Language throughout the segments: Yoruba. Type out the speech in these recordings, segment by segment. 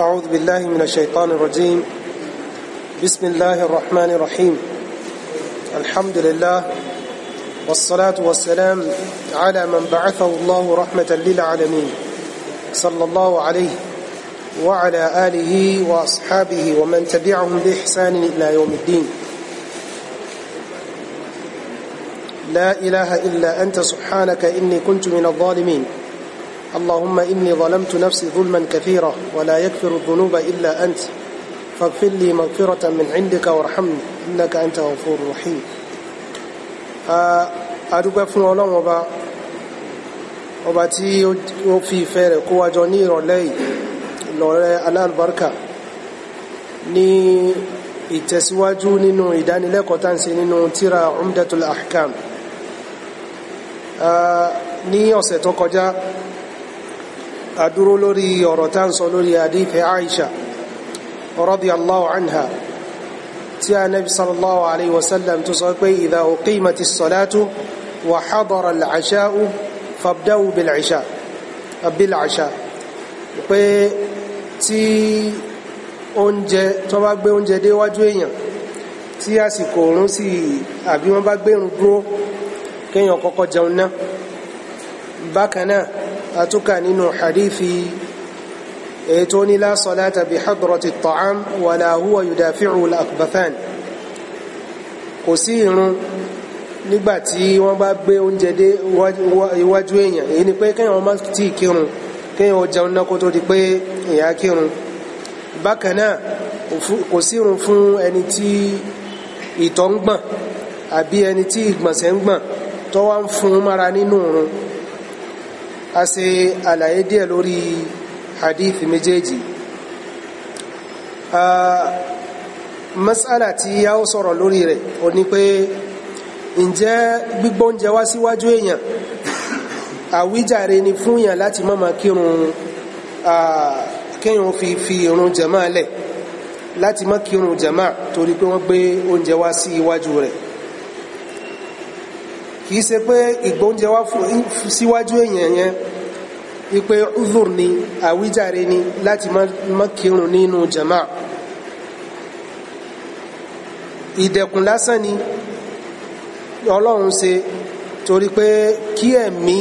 أعوذ بالله من الشيطان الرجيم بسم الله الرحمن الرحيم الحمد لله والصلاة والسلام على من بعثه الله رحمة للعالمين صلى الله عليه وعلى آله وأصحابه ومن تبعهم بإحسان إلى يوم الدين لا إله إلا أنت سبحانك إني كنت من الظالمين اللهم إني ظلمت نفسي ظلما كثيرا ولا يكفر الذنوب إلا أنت فاغفر لي مغفرة من عندك وارحمني إنك أنت غفور رحيم adúpẹ́ fún ọlọ́run ọba ọba tí ó fi ìfẹ́ rẹ̀ kó wájọ ní ìrọ̀lẹ́ ìlọ̀rẹ́ aláàlùbáríkà ní ìtẹ̀síwájú nínú ìdánilẹ́kọ̀ọ́ tá ń ṣe nínú tíra umdatul ahkam ní ọ̀sẹ̀ tó kọjá adúró lórí ọ̀rọ̀ tá ń sọ lórí adífẹ́ Aisha radiyallahu anha tí a nabi sallallahu alayhi wa sallam tó sọ pé idha uqimati salatu wa hadara al-asha'u fabda'u bil-asha bil pé tí oúnjẹ tó bá gbé oúnjẹ déwájú èèyàn tí àsìkò òrùn sì àbí wọ́n bá gbé irun dúró kéèyàn kọ́kọ́ jẹun náà bákan náà atúkà nínú hadithi ètò ní la salata bí hadrati ta'am wala huwa yudafi'u al-akbathan kò sí irun nígbàtí wọ́n bá gbé oúnjẹ dé iwájú èèyàn èyí ni pé kéèyàn má tí ì kírun kéèyàn ó jẹun náà kó tó di pé èèyàn á kírun bákan náà kò sí irun fún ẹni tí ìtọ̀ ń gbọ̀n àbí ẹni tí ìgbọ̀nsẹ̀ ń gbọ̀n tó a ṣe àlàyé díẹ̀ lórí hadith méjèèjì masala tí a ó sọ̀rọ̀ lórí rẹ̀ o ní pé ǹjẹ́ gbígbóúnjẹ wá síwájú èèyàn àwíjàre ni fún èèyàn láti má máa kírun kéèyàn fi fi irun jàmáà lẹ̀ láti má kírun jàmáà torí pé wọ́n gbé oúnjẹ wá sí iwájú rẹ̀ kìí ṣe pé ìgbóúnjẹ wá síwájú èèyàn yẹn ipe uzur ni àwíjàre ni láti má kírun nínú jama ìdẹ̀kùn lásán ni ọlọ́run ṣe torí pé kí ẹ̀mí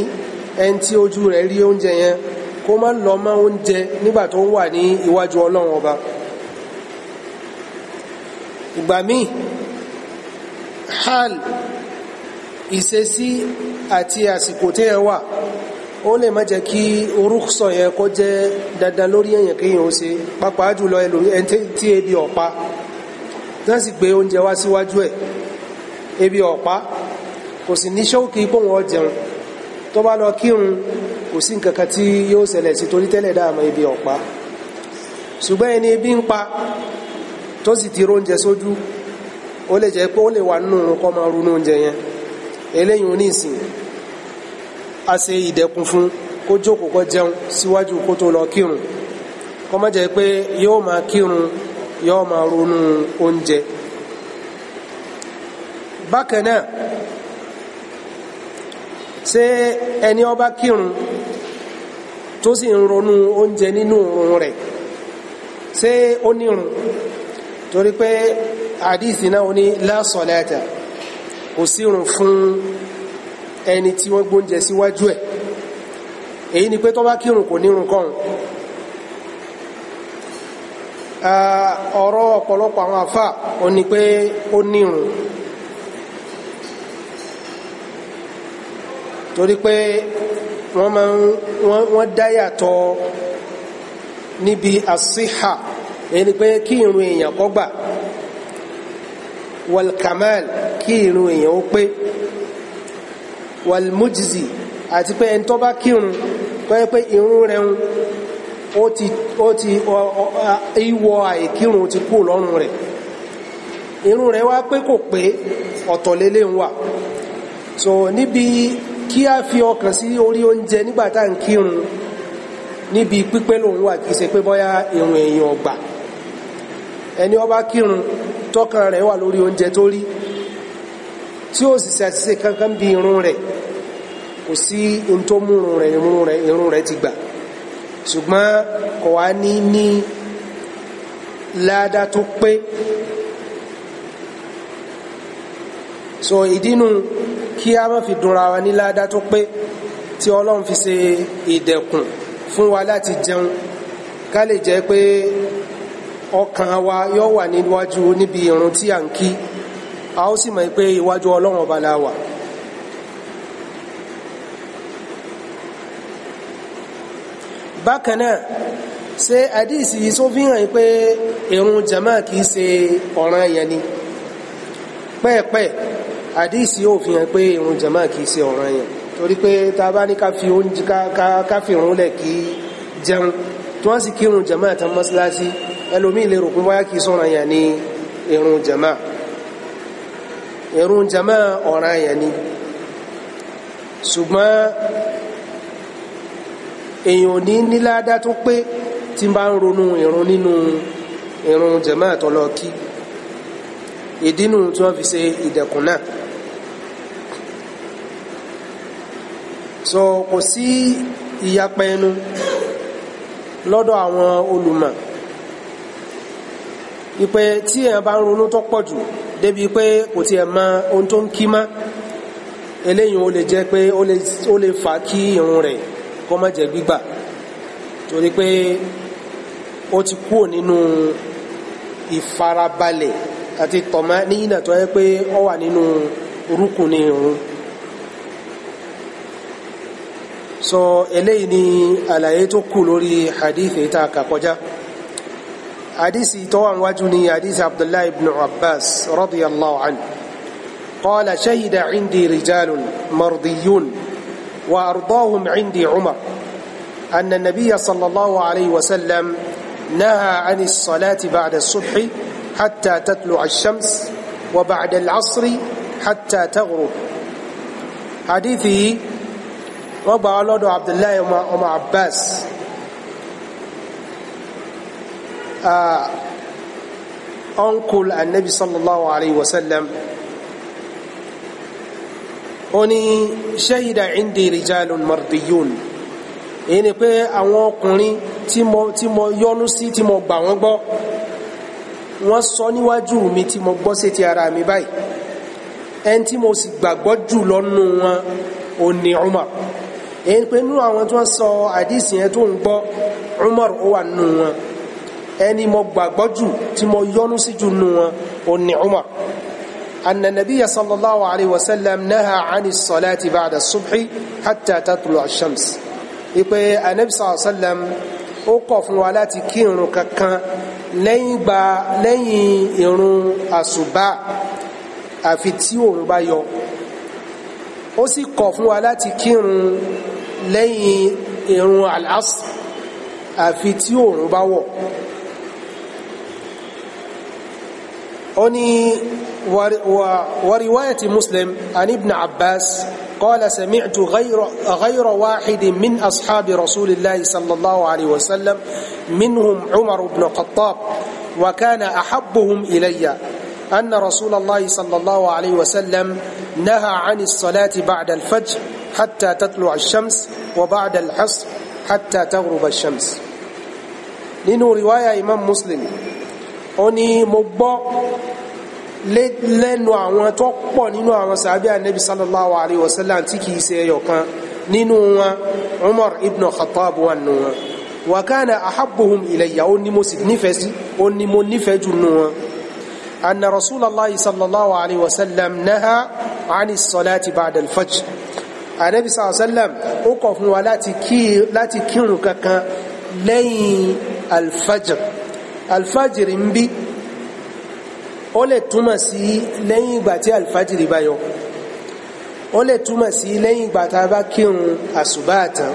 ẹni tí ojú rẹ̀ rí oúnjẹ yẹn kó má lọ mọ́ oúnjẹ nígbà tó ń wà ní iwájú ọlọ́run ọba ìgbà míì hal ìṣesí àti àsìkò tí ẹ wà ó lè má jẹ́ kí orúkọ yẹn kó jẹ́ dandan lórí èyàn kéèyàn ó ṣe pàápàá jùlọ ẹlòmí ẹni tí ebi ọ̀pá náà sì gbé oúnjẹ wá síwájú ẹ̀ ebi ọ̀pá kò sì ní ṣókí kóhun ó tó bá lọ kírun kò sí nǹkan kan tí yóò ṣẹlẹ̀ sí torí tẹ́lẹ̀ dáàmú ebi ọ̀pá ṣùgbọ́n ẹni ebi ń pa tó sì ti róúnjẹ sójú ó lè jẹ́ pé ó lè wà nínú kọ́ máa runú oúnjẹ yẹn eléyìí onísìn a si, ìdẹ̀kùn fún kó jókòó kó jẹun síwájú kó tó lọ kírun kó pé yóò máa kírun yóò máa ronú oúnjẹ bákan náà ṣé ẹni ó kírun tó sì ń ronú oúnjẹ nínú òun rẹ̀ ṣé ó nírun la kò sírun fún ẹni tí wọ́n gbóúnjẹ síwájú ẹ̀ èyí ni pé tó bá kírun kò nírun kọ́run ọ̀rọ̀ ọ̀pọ̀lọpọ̀ àwọn àfà ó ní pé ó nírun torí pé wọ́n máa ń wọ́n dáyàtọ̀ níbi àṣìhà èyí ni pé kí irun èèyàn kó walkamal kí irun èèyàn ó pé walmujzi àti pé ẹni tó bá kírun tó yẹ pé irun rẹ̀ ń ó ti ó ti ìwọ àìkírun ti kú lọ́rùn rẹ̀ irun rẹ̀ wá pé kò pé ọ̀tọ̀ ń wà so níbi kí a fi ọkàn sí orí oúnjẹ nígbà ń kírun níbi pípé lòun wà kì í pé bóyá irun èèyàn ọgbà ẹni ó kírun tọ́kàn rẹ̀ wà lórí oúnjẹ tó rí tí ó sì ṣàṣìṣe kankan bí irun rẹ̀ kò sí ohun tó mú irun rẹ̀ irun rẹ̀ ti gbà ṣùgbọ́n kò wá ní ní láàdá tó pé so ìdínú kí a má fi dunra wa ní láàdá tó pé tí ọlọ́run fi ṣe ìdẹ̀kùn fún wa láti jẹun ká lè jẹ́ pé ọkàn wa yóò wà níwájú níbi irun tí a ń kí a ó sì mọ̀ pé iwájú ọlọ́run ọba la wà. bákan náà ṣe àdíìsì yìí tó fi hàn pé irun jama kìí ṣe ọ̀ràn yẹn ni pẹ́ẹ̀pẹ́ àdíìsì yóò fi hàn pé irun jama kìí ṣe ọ̀ràn yẹn torí pé ta bá ní ká fi oúnjẹ ká fi irun lẹ̀ kí jẹun tí wọ́n sì kírun jama tán mọ́síláṣí ẹlòmíì lè rò pé wáyà kìí sọ̀rọ̀ yẹn ní irun jama irun jama ọ̀ràn yẹn ni ṣùgbọ́n èèyàn ò ní níláàdá tó pé tí n bá ń ronú irun nínú irun jama tọlọ kí ìdínú tí wọ́n fi ṣe ìdẹ̀kùn náà so kò sí ìyapẹnu lọ́dọ̀ àwọn olùmọ̀ ipe tí ẹ bá ń ronú tó pọ̀ jù débi pé kò tiẹ̀ mọ ohun tó ń kí mọ́ eléyìí ó lè jẹ́ pé ó lè fà kí irun rẹ̀ kó má jẹ́ gbígbà torí pé ó ti kúrò nínú ìfarabalẹ̀ àti tọ̀mọ́ ní ìnà tó yẹ pé ó wà nínú orúkún ní irun so eléyìí ni àlàyé tó kù lórí hadith èyí kà kọjá. حديثي توان وجني حديث عبد الله بن عباس رضي الله عنه قال شهد عندي رجال مرضيون وأرضاهم عندي عمر أن النبي صلى الله عليه وسلم نهى عن الصلاة بعد الصبح حتى تطلع الشمس وبعد العصر حتى تغرب حديثي ربع عبد الله وما عباس uh, uncle anabi sallallahu alayhi wa sallam ó ní shahida indi rijalun mardiyun èyí ni pé àwọn ọkùnrin tí mo tí mo yọ́nú sí tí mo gbà wọ́n gbọ́ wọ́n sọ níwájú mi tí mo gbọ́ sétí ara mi báyìí ẹni tí mo sì gbàgbọ́ jù lọ́nu wọn ò ní Umar èyí ni pé nínú àwọn tí wọ́n sọ àdìsí yẹn tó Umar ó wà nínú wọn ẹni mo gbàgbọ́ jù tí mo yọ́nú sí jù nù wọn ò ní Umar anna nabiyya sallallahu alayhi wa sallam naha ani salati ba'da subhi hatta tatlu ash-shams ipe anabi sallallahu alayhi wa sallam ó kọ̀ fún wa láti kí irun kankan lẹ́yìn gba lẹ́yìn irun àsùbá àfi tí òun bá yọ ó sì kọ̀ fún wa láti kírun lẹ́yìn irun al àfi tí òun bá wọ̀ أني ورواية مسلم عن ابن عباس قال سمعت غير, غير واحد من أصحاب رسول الله صلى الله عليه وسلم منهم عمر بن الخطاب وكان أحبهم إلي أن رسول الله صلى الله عليه وسلم نهى عن الصلاة بعد الفجر حتى تطلع الشمس وبعد العصر حتى تغرب الشمس nínú رواية إمام مسلم أني ní lẹ́nu àwọn tó pọ̀ nínú àwọn sàbí ànẹ́bí sallallahu alayhi wa sallam tí kìí ṣe ẹyọ kan nínú wọn Umar ibn Khattab wà nù wọn wa kana ahabbuhum ilayya ó ní mo sì nífẹ̀ẹ́ sí ó ní mo nífẹ̀ẹ́ jù nù wọn anna rasulallah sallallahu alayhi wa sallam naha ani salati ba'da al-fajr ànẹ́bí sallallahu alayhi wa sallam ó kọ̀ fún wa láti kankan lẹ́yìn al-fajr al-fajr ń ó lè túmọ̀ sí lẹ́yìn ìgbà tí alfajiri bá yọ ó lè túmọ̀ sí lẹ́yìn ìgbà tá a bá kírun àṣùbá àtàn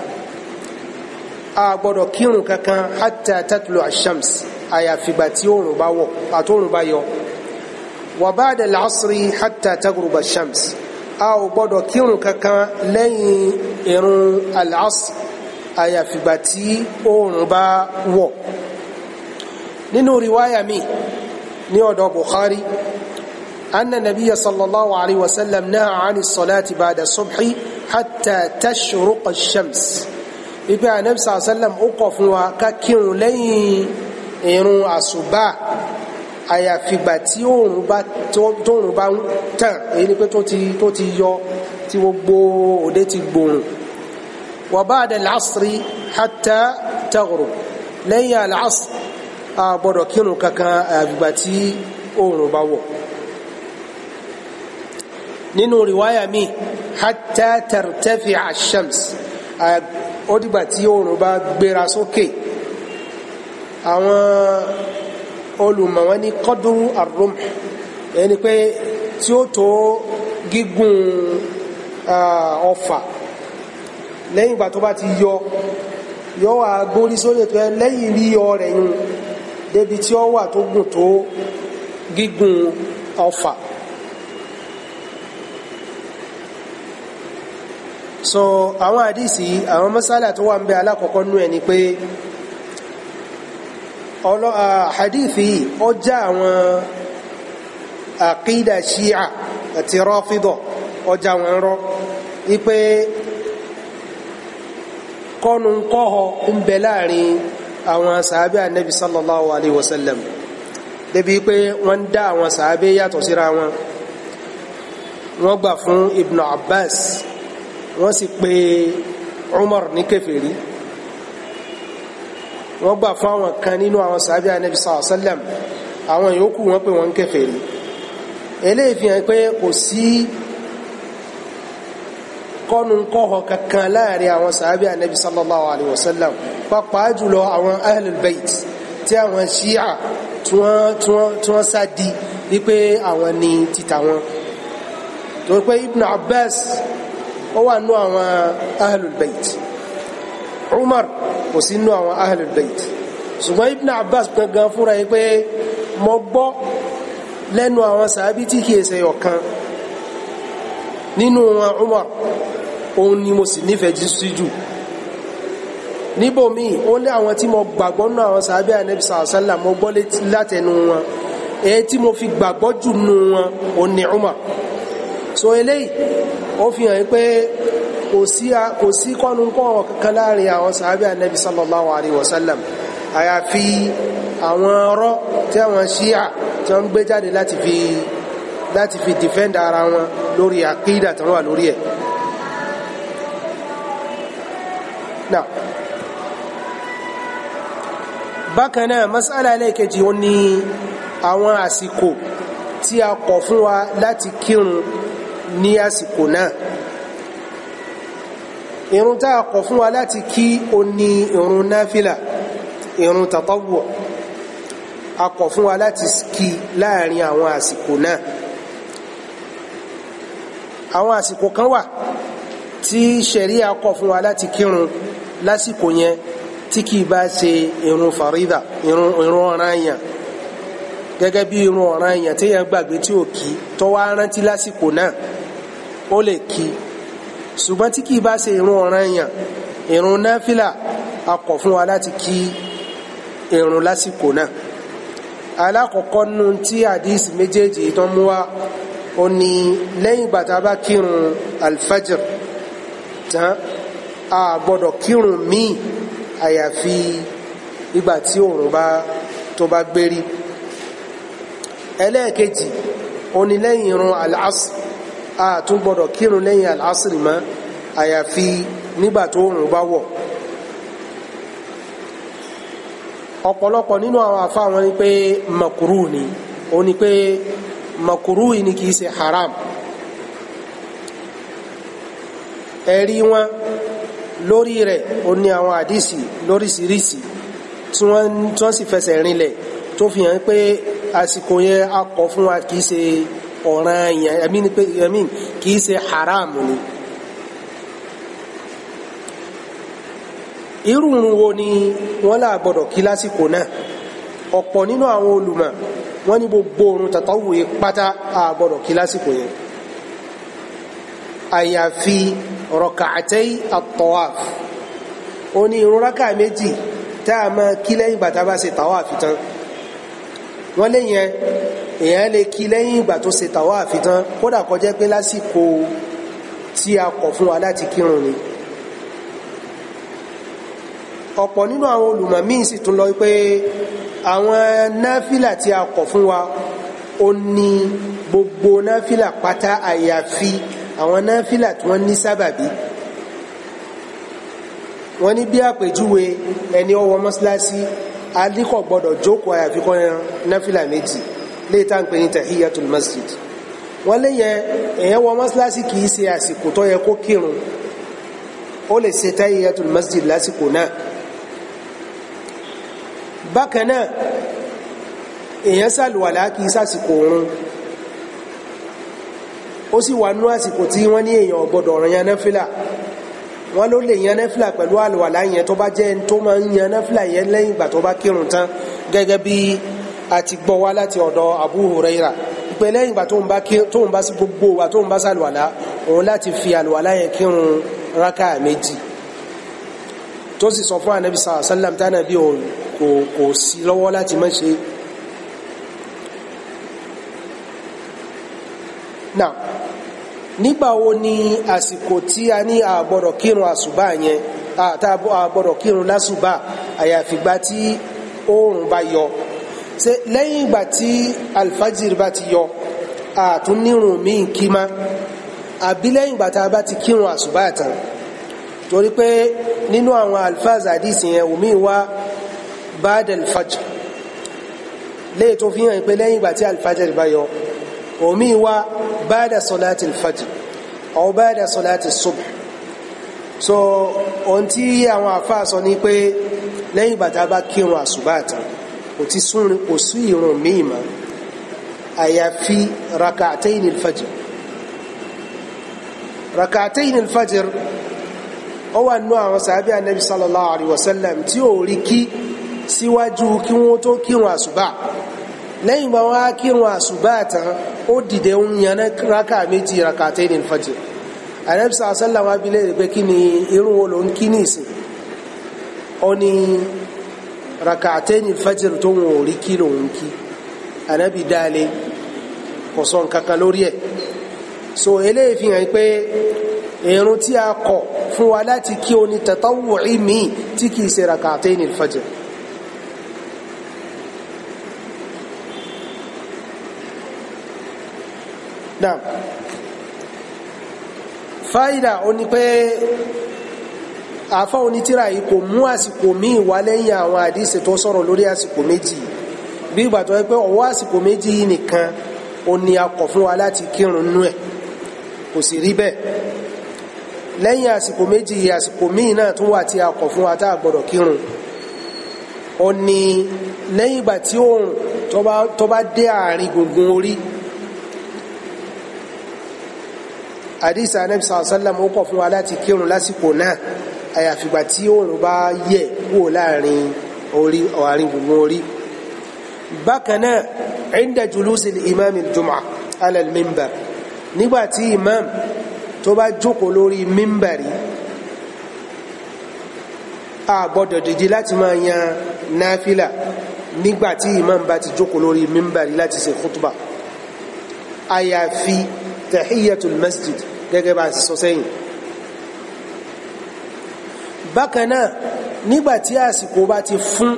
a gbọ́dọ̀ kírun kankan hatta tatlu ashams àyàfìgbà tí oòrùn bá wọ̀ àtòrùn bá yọ wa ba'da al-asri hatta taghruba ash a ò gbọ́dọ̀ kírun kankan lẹ́yìn irun al àyàfìgbà tí oòrùn bá wọ̀ nínú riwaya mi ní ọ̀dọ̀ Bukhari anna nabiya sallallahu alaihi wasallam náà àánì sọláti ba'da subhi hatta tashruqa shams ipe anabi sallam ó kọ̀ fún wa ká kírun lẹ́yìn irun àsùbá àyàfìgbà tí oòrùn bá tóòrùn bá ń tàn èyí ni pé tó ti tó ti yọ tí gbogbo òde ti gbòòrùn wa ba'da al-asri hatta taghrub lẹ́yìn al a gbọ́dọ̀ kírun kankan àgbà tí oòrùn bá wọ̀ nínú rìwáyà mi hatta tartafi ashams ó dìgbà tí oòrùn bá gbéra sókè àwọn olùmọ̀ wọn ní kọ́dúrú ar-rumh ẹni pé tí ó tó gígùn ọfà lẹ́yìn ìgbà tó bá ti yọ yọ wà gbórí sórí ètò ẹ lẹ́yìn rí ọ rẹ̀ yìí débi tí ó wà tó gùn tó gígùn ọfà so àwọn àdìsí àwọn mọ́sálà tó wà ń bẹ alákọ̀ọ́kọ́ nú ẹni pé ọlọ́ àhàdìsí ó já àwọn àkídà ṣíà àti rọ́fídọ̀ ọjà wọn rọ́ wípé kọ́nu ń bẹ láàrin àwọn sàábé ànẹ́bí sallallahu alayhi wa sallam débi pé wọ́n ń dá àwọn sàábé yàtọ̀ síra wọn wọ́n gbà fún Ibn Abbas wọ́n sì pé Umar ní kèfèrí wọ́n gbà fún àwọn kan nínú àwọn sàábé ànẹ́bí sallallahu alayhi wa àwọn yòókù wọ́n pè wọ́n kèfèrí ìkọ́nu kọ́họ̀ kankan láàrin àwọn sàábì ànábi sallallahu alayhi wa sallam pàápàá jùlọ àwọn ahlul bayt tí àwọn shia tí wọ́n sá di wípé àwọn ni títà wọn torí pé ibn abbas ó wà nú àwọn ahlul bayt umar kò sí nú àwọn ahlul bayt ṣùgbọ́n ibn abbas gangan fúnra yìí pé mo gbọ́ lẹ́nu àwọn sàábì tí kìí ṣe ọ̀kan nínú wọn umar òun ni mo sì nífẹ̀ẹ́ jù sí jù níbòmíì ó ní àwọn tí mo gbàgbọ́ nù àwọn sàábẹ́ ànábì sàásálà mo gbọ́ látẹnu wọn èyí tí mo fi gbàgbọ́ jù nù wọn ò ní Umar so eléyìí ó fi hàn pé kò sí kò sí kọ́nu kọ́ọ̀rọ̀ kankan láàrin àwọn sàábẹ́ ànábì sallallahu alayhi wa sallam àyàfi àwọn ọ̀rọ̀ tí àwọn ṣíà tí wọ́n ń gbé jáde láti fi láti fi defend ara wọn lórí àkídà tí wọ́n wà lórí ẹ̀ náà bákan náà masala ẹlẹ́ẹ̀kejì ó ní àwọn àsìkò tí a kọ̀ fún wa láti kírun ní àsìkò náà irun tá a kọ̀ fún wa láti kí o ní irun náfìlà irun tàtọ́wọ̀ a kọ̀ fún wa láti kí láàrin àwọn àsìkò náà àwọn àsìkò kan wà tí ṣẹ̀rí a kọ̀ fún wa láti kírun lásìkò yẹn tí kì í bá ṣe irun farida irun irun ọ̀ranyàn gẹ́gẹ́ bí irun ọ̀ranyàn téèyàn gbàgbé tí ò kí tó wá rántí lásìkò náà ó lè kí ṣùgbọ́n tí kì í bá ṣe irun ọ̀ranyàn irun náfìlà a kọ̀ fún wa láti kí irun lásìkò náà alákọ̀ọ́kọ́ nu tí àdísì méjèèjì tó mú wa ó ní lẹ́yìn ìgbà bá kírun alfajr tán a gbọ́dọ̀ kírun míì àyàfi ìgbà tí òòrùn bá tó bá gbérí ẹlẹ́ẹ̀kejì òní lẹ́yìn irun al-asr a tún gbọ́dọ̀ kírun lẹ́yìn al-asr mọ́ àyàfi nígbà tó òòrùn bá wọ̀ ọ̀pọ̀lọpọ̀ nínú àwọn àfáà wọn ni pé makuru ni ó ní pé makuru ni kìí ṣe haram ẹ̀rí wọn lórí rẹ̀ ó ní àwọn àdìsí lóríṣiríṣi tí wọ́n sì fẹsẹ̀ rinlẹ̀ tó fi hàn pé àsìkò yẹn a kọ fún wa kì í ṣe ọ̀ràn yẹn ẹ̀mí ni pé ẹ̀mí kì í ṣe haram ni. irun wo ni wọ́n là gbọ́dọ̀ kí lásìkò náà ọ̀pọ̀ nínú àwọn olùmọ̀ wọ́n ní gbogbo orun tàtàwù pátá a kí lásìkò yẹn àyàfi rọ̀kàtẹ́ àtọ́wàf ó ní irun rákà méjì tá a máa kí lẹ́yìn ìgbà tá a bá ṣe tàwáàfì tán wọ́n lé yẹn èèyàn lè kí lẹ́yìn ìgbà tó ṣe tàwáàfì tán kódà kó jẹ́ pé lásìkò tí a kọ̀ fún wa láti kírun ni ọ̀pọ̀ nínú àwọn olùmọ̀ míì sì tún lọ pé àwọn náfìlà tí a kọ̀ fún wa ó ní gbogbo náfìlà pátá àyàfi àwọn náfìlà tí wọ́n ní sábàbí wọ́n ní bí àpèjúwe ẹni ọwọ́ mọ́sálásí alíkọ̀ gbọ́dọ̀ jókòó àyàfi kó yan náfìlà méjì léè tá à ń pè ní tahiyatul masjid wọ́n lé yẹn èèyàn wọ mọ́sálásí kì í ṣe àsìkò tó yẹ kó kírun ó lè ṣe tahiyatul masjid lásìkò náà bákan náà èèyàn sàlùwàlá kì í òun ó sì wà nú àsìkò tí wọ́n ní èèyàn gbọ́dọ̀ yan náfìlà wọ́n ló lè yan náfìlà pẹ̀lú àlùwàlá yẹn tó bá jẹ́ ẹni tó máa ń yan yẹn lẹ́yìn ìgbà tó bá kírun tán gẹ́gẹ́ bí a gbọ́ wá láti ọ̀dọ̀ Abu Huraira pé lẹ́yìn ìgbà tó ń bá tó ń bá sí gbogbo wa tó ń bá sàlùwàlá òun láti fi àlùwàlá yẹn kírun rákà méjì tó sì sọ fún anabi sàlám tánàbí kò kò sí lọ́wọ́ láti má ṣe. now nígbà wo ni àsìkò tí a ní àgbọ̀dọ̀ kírun àsùbà yẹn àtàbọ̀ àgbọ̀dọ̀ kírun lásùbà àyàfi ìgbà tí oòrùn bá yọ ṣe lẹ́yìn ìgbà tí alfajir bá ti yọ àtúnírun míì kí má àbí lẹ́yìn ìgbà tá a bá ti kírun àsùbà tán torí pé nínú àwọn alfaz àdìsí yẹn omi wá ba'da alfajr léè tó fi hàn pé lẹ́yìn ìgbà tí alfajir bá yọ omi wá بعد صلاة الفجر أو بعد صلاة الصبح so ohun tí àwọn àfáà sọ ni pé lẹ́yìn bàtà bá kírun àṣùbàtà kò ti sún kò sí ìrun míì mọ́ àyàfi raka'atayn al-fajr raka'atayn al-fajr ó wà nú àwọn sàábí anabi sallallahu alayhi wa sallam tí ò rí kí síwájú kí wọ́n tó kírun àṣùbà lẹ́yìn ìgbà wọn á kírun àṣùbá àtàn ó dìde ń yanná rákà méjì rákàtẹ́ ní fàjẹ́ àrẹ́bísà sálà wá bilé rẹ̀ pé kí ni irun wo ló ń kí ní ìsìn ó ní rákàtẹ́ ní fàjẹ́ tó ń rí kí ló ń kí ànábì dáalé kò sọ nǹkan lórí ẹ̀ so eléyìí fi hàn pé irun tí a kọ̀ fún wa láti kí o ní tàtàwùí míì tí kìí ṣe rákàtẹ́ ní fàjẹ́ náà faida ó ní pé àfá onítìrà yìí kò mú àsìkò míì wá lẹ́yìn àwọn àdíṣe tó sọ̀rọ̀ lórí àsìkò meji bí ìgbà tó yẹ pé ọwọ́ àsìkò méjì yìí nìkan ó ní akọ̀ fún wa láti kírun nú ẹ̀ kò sì rí bẹ́ẹ̀ lẹ́yìn àsìkò méjì yìí àsìkò míì náà tún wà tí akọ̀ wa tá a gbọ́dọ̀ kírun ó ní lẹ́yìn ìgbà tí oòrùn tó bá dé àárín àdìsí anabi sàlọ́sálàm ó kọ̀ fún wa láti kírun lásìkò náà àyàfìgbà tí òòrùn bá yẹ̀ wò láàrin orí ọ̀hàrin gbùngbùn orí bákan náà inda julusi imam al-jum'ah ala al-mimbar nígbà tí imam tó bá jókòó lórí mímbàrí a gbọ́dọ̀ dìde láti máa yan náfílà nígbà tí imam bá ti jókòó lórí mímbàrí láti ṣe khutba àyàfi tahiyatul masjid gẹ́gẹ́ bá sọ sẹ́yìn bákan náà nígbà tí àsìkò bá ti fún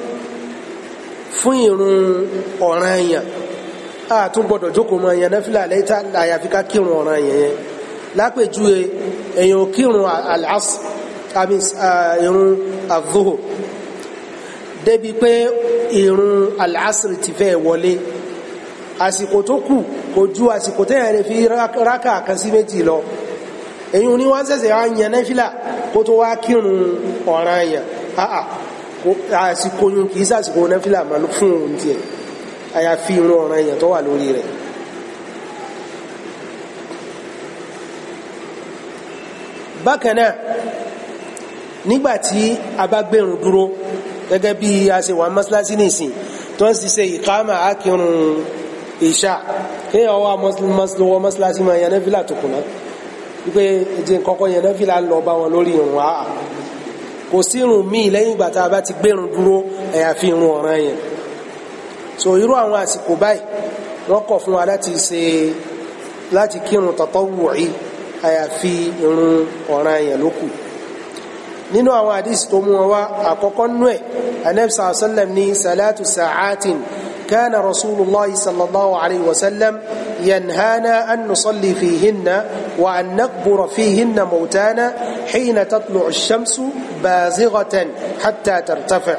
fún ìrun ọ̀ràn èèyàn a tún gbọdọ̀ jókòó mọ́ èèyàn náfìlà lẹ́ta àyàfi ká kírun ọ̀ràn èèyàn yẹn lápèjúwe èèyàn ò kírun àlásì àbí ìrun àdúhò débi pé ìrun àlásì ti fẹ́ wọlé àsìkò tó kù kò ju àsìkò tẹ́yàn fi rákà kan sí méjì lọ èyí ni wọ́n ṣẹ̀ṣẹ̀ wá yan náfìlà kó tó wá kírun ọ̀ràn yẹn àsìkò yun kì í sàsìkò náfìlà máa ló fún òun tiẹ̀ àyàfi irun ọ̀ràn yẹn tó wà lórí rẹ̀. bákan náà nígbàtí a bá gbẹ̀rún dúró gẹ́gẹ́ bí a ṣe wà mọ́sálásí nìsín tó ń ṣiṣẹ́ ìkámà ákírun ìṣà kéèyàn wá mọ́sálásí máa yan náfìlà tó kùnà wípé ẹjẹ kọ́kọ́ yẹn náà fìlà lọ bá wọn lórí irun a kò sí irun míì lẹ́yìn ìgbà tá a bá ti gbérun dúró àyàfi irun ọ̀ràn yẹn so irú àwọn àsìkò báyìí wọ́n kọ̀ fún wa láti ṣe láti kírun tatawwu'i àyàfi irun ọ̀ràn yẹn ló nínú àwọn àdìsí tó mú wọn wá nú ẹ̀ anabisa sallam ní salatu sa'atin. Sa كان رسول الله صلى الله عليه وسلم ينهانا أن نصلي فيهن وأن نقبر فيهن موتانا حين تطلع الشمس بازغة حتى ترتفع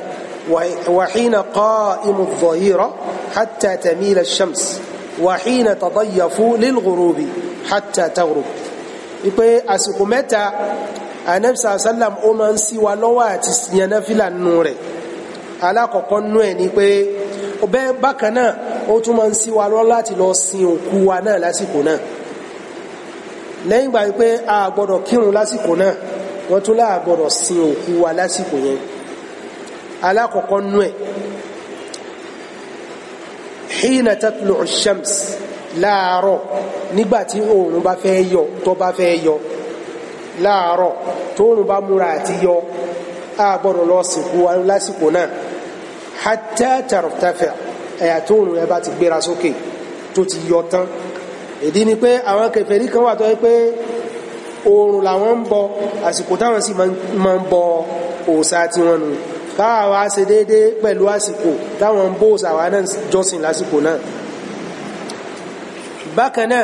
وحين قائم الظهيرة حتى تميل الشمس وحين تضيف للغروب حتى تغرب ipe أسقمتا mẹ́ta صلى الله عليه وسلم ń ṣí wa lọ́wọ́ àti yànnáfìlà nù ọbẹ̀ bákan náà ó tún máa ń sí wa lọ láti lọ sin òkú wa náà lásìkò náà lẹ́yìn ìgbà wípé a gbọ́dọ̀ kírun lásìkò náà wọ́n tún láà gbọ́dọ̀ sin òkú wa lásìkò yẹn alákọ̀ọ́kọ́ nú ẹ̀ hina tatlu shams láàárọ̀ nígbàtí oòrùn bá fẹ́ yọ tó bá fẹ́ yọ láàárọ̀ tóòrùn bá múra àti yọ a gbọ́dọ̀ lọ sìnkú wa lásìkò náà hatta tartafi ẹ̀yà tó òun rẹ̀ bá ti gbéra sókè tó ti yọ tán ìdí ni pé àwọn kèfèrí kan wà tó yẹ pé oòrùn làwọn ń bọ àsìkò táwọn sì máa ń bọ òòṣà tiwọn nù báwa wá ṣe déédé pẹ̀lú àsìkò táwọn ń bọ òòṣà wa náà jọ́sìn lásìkò náà bákan náà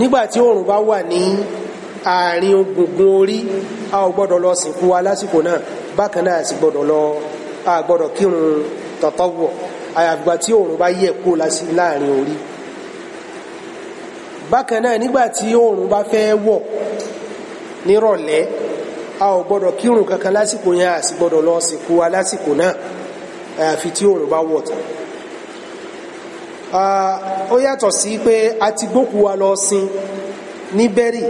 nígbà tí oòrùn bá wà ní orí a ò gbọ́dọ̀ lọ sìnkú wa lásìkò náà bákan náà sì gbọ́dọ̀ lọ a gbọ́dọ̀ kírun tọ̀tọ̀wọ̀ àyàgbà tí òòrùn bá yẹ̀ kó láàrin orí bákan náà nígbà tí òòrùn bá fẹ́ wọ̀ nírọ̀lẹ́ a ò gbọ́dọ̀ kírun kankan lásìkò yẹn a sì gbọ́dọ̀ lọ sìnkú wa lásìkò náà àyàfi tí òòrùn bá wọ̀ tán ó yàtọ̀ sí pé a ti gbókù wa lọ sin ní bẹ́rì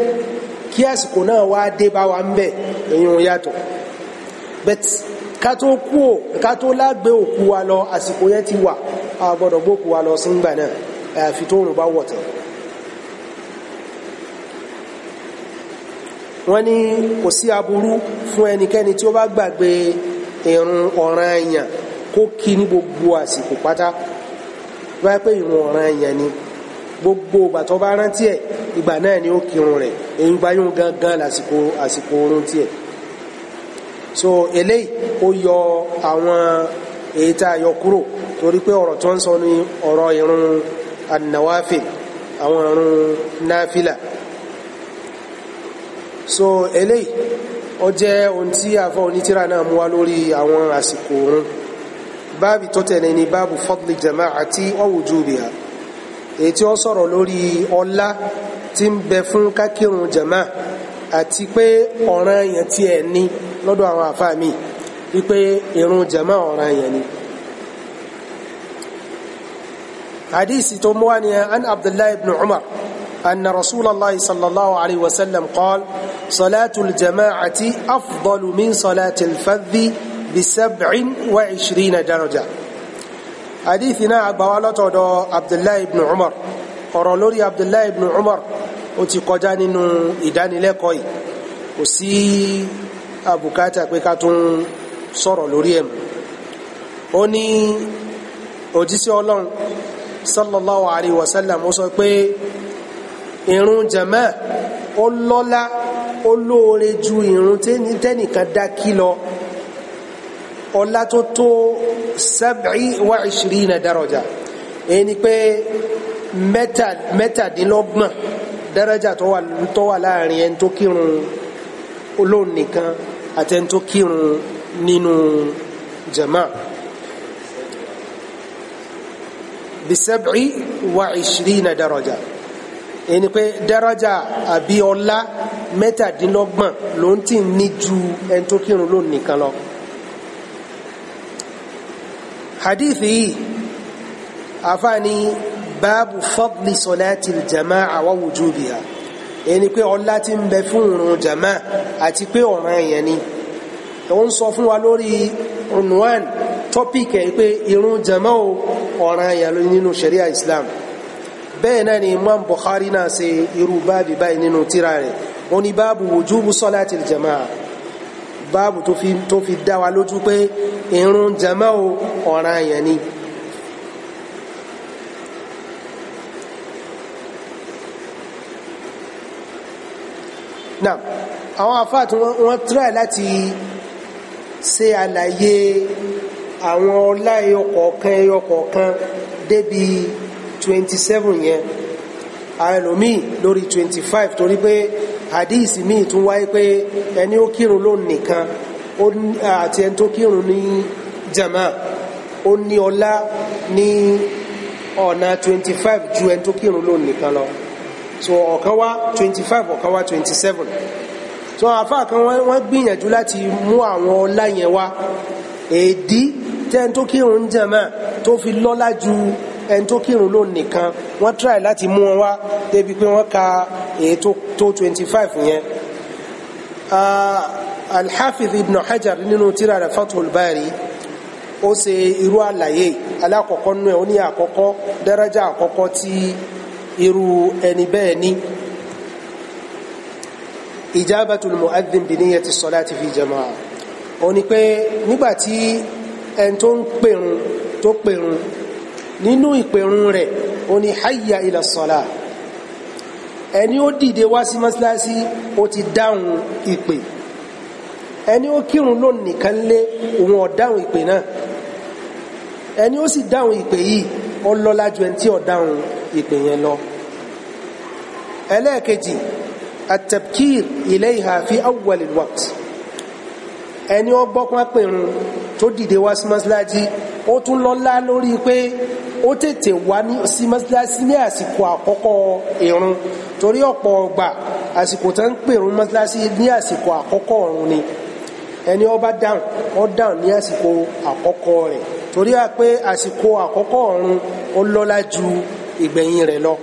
kí àsìkò náà wá dé bá wa ń bẹ̀ èyí ò yàtọ̀ bẹ́ẹ̀ ká tó kú ò ká tó lágbé òkú wa lọ àsìkò yẹn ti wà a gbọ́dọ̀ gbókú wa lọ sí ń gbà náà àyàfi tó rùn bá wọ̀tàn wọ́n ní kò sí aburú fún ẹnikẹ́ni tí ó bá gbàgbé ìrun ọ̀ràn èèyàn kó kí ní gbogbo àsìkò pátá wọ́n pé ìrun ọ̀ràn èèyàn ni gbogbo ìgbà tó bá rántí ẹ̀ ìgbà náà ni ó kírun rẹ̀ èyí gbayún gangan lásìkò àsìkò oorun tiẹ̀ so eléyìí ó yọ àwọn èyí tá a yọ kúrò torí pé ọ̀rọ̀ tó ń sọ ní ọ̀rọ̀ irun an àwọn irun náfìlà so eléyìí ó jẹ́ ohun tí àfọ onítìrà náà mú wá lórí àwọn àsìkò òun báàbì tó tẹ̀lé ni báàbù fadli jama'ati wa wujubiha èyí tí ó sọ̀rọ̀ lórí ọlá tí ń bẹ fún kákírun jama àti pé ọ̀ranyàn tí ẹ̀ ní lọ́dọ̀ àwọn àfáà mi wípé irun jama ọ̀ràn yẹn ni. حديث تومواني عن عبد الله بن عمر أن رسول الله صلى الله عليه وسلم قال صلاة الجماعة أفضل من صلاة الفذ بسبع وعشرين درجة حديثنا بوالة عبد الله بن عمر قرولوري عبد الله بن عمر أتي قدان إدان لكوي وسي àbùkátà pé ká tún sọ̀rọ̀ lórí ẹ̀ ó ní òjíṣẹ́ ọlọ́run sallallahu alayhi wa sallam ó sọ pé ìrun jama ó lọ́lá ó lóore ju ìrun tẹ́nìkan dá kí lọ ọlá tó tó sab'i wa ishirina daraja èyí ni pé mẹ́tàdínlọ́gbọ̀n daraja tó wà láàrin ẹni tó kírun olóòrùn nìkan àtẹni tó kírun nínú jama bisab'i wa ishirina daraja ẹni pé daraja àbí ọlá mẹ́tàdínlọ́gbọ̀n ló ń tì ní ju ẹni tó kírun lónìí nìkan lọ hadithi yìí àfáà ní báàbù fadli sọláàtì jama'a wa wujubiha ẹni pé ọlá ti ń bẹ fún ìrun jama àti pé ọ̀ràn yẹn ni ó ń sọ fún wa lórí unwan topic ẹ̀ pé ìrun jama o ọ̀ràn yẹn ló nínú sharia islam bẹ́ẹ̀ náà ni imam bukhari náà ṣe irú báàbì báyìí nínú tírà rẹ̀ ó ní báàbù wujubu solatil jama báàbù tó fi dá wa lójú pé ìrun jama o ọ̀ràn yẹn ni. náà àwọn afá tí wọ́n try láti ṣe àlàyé àwọn ọlá ẹyọkọ̀ọ̀kan ẹyọkọ̀ọ̀kan débi 27 yẹn àìlòmíì lórí 25 torí pé hadith míì tún wáyé pé ẹni ó kírun ló nìkan àti ẹni tó kírun ní jama ó ní ọlá ní ọ̀nà 25 ju ẹni tó kírun ló nìkan lọ so ọ̀kan wá twenty five ọ̀kan wá twenty seven so àfa kan wọ́n gbìyànjú láti mú àwọn ọlá yẹn wá èdí tẹ́ni tó kírun jẹ̀mọ́ tó fi lọ́lá ju ẹni tó kírun ló nìkan wọ́n try láti mú wọn wá débi pé wọ́n ka èyí tó twenty five yẹn ah, alhafiz ibn hajar nínú tírà rẹ̀ fatul bari ó ṣe irú àlàyé alákọ̀ọ́kọ́ nú ẹ̀ ó ní àkọ́kọ́ dẹ́rẹ́jà àkọ́kọ́ tí irú ẹni bẹ́ẹ̀ ní ijabatul mu'adhdhin bi niyyati salati fi jama'a ó ní pé nígbàtí ẹn tó ń pèrún tó pèrún nínú ìpèrún rẹ̀ ó ní hayya ila salah ẹni ó dìde wá sí mọ́síláṣí ó ti dáhùn ìpè ẹni ó kírun lónìí nìkan lé òun ọ̀dáhùn ìpè náà ẹni ó sì dáhùn ìpè yìí ó lọ́lá ju ẹni tí ọ̀dáhùn ìpè yẹn lọ ẹlẹ́ẹ̀kejì at-tabkir ilayha fi awwal al-waqt ẹni ó gbọ́kún apẹ̀rún tó dìde wá sí mọ́síláàjì ó tún lọ́lá lórí pé ó tètè wá sí mọ́síláàjì ní àsìkò àkọ́kọ́ ìrun torí ọ̀pọ̀ ọgbà àsìkò tó ń pèrún mọ́síláàjì ní àsìkò àkọ́kọ́ ìrun ni ẹni ó bá dáhùn ó dáhùn ní àsìkò àkọ́kọ́ rẹ̀ torí pé àsìkò àkọ́kọ́ ìrun ó lọ́lá ju ìgbẹ̀yìn rẹ̀ lọ.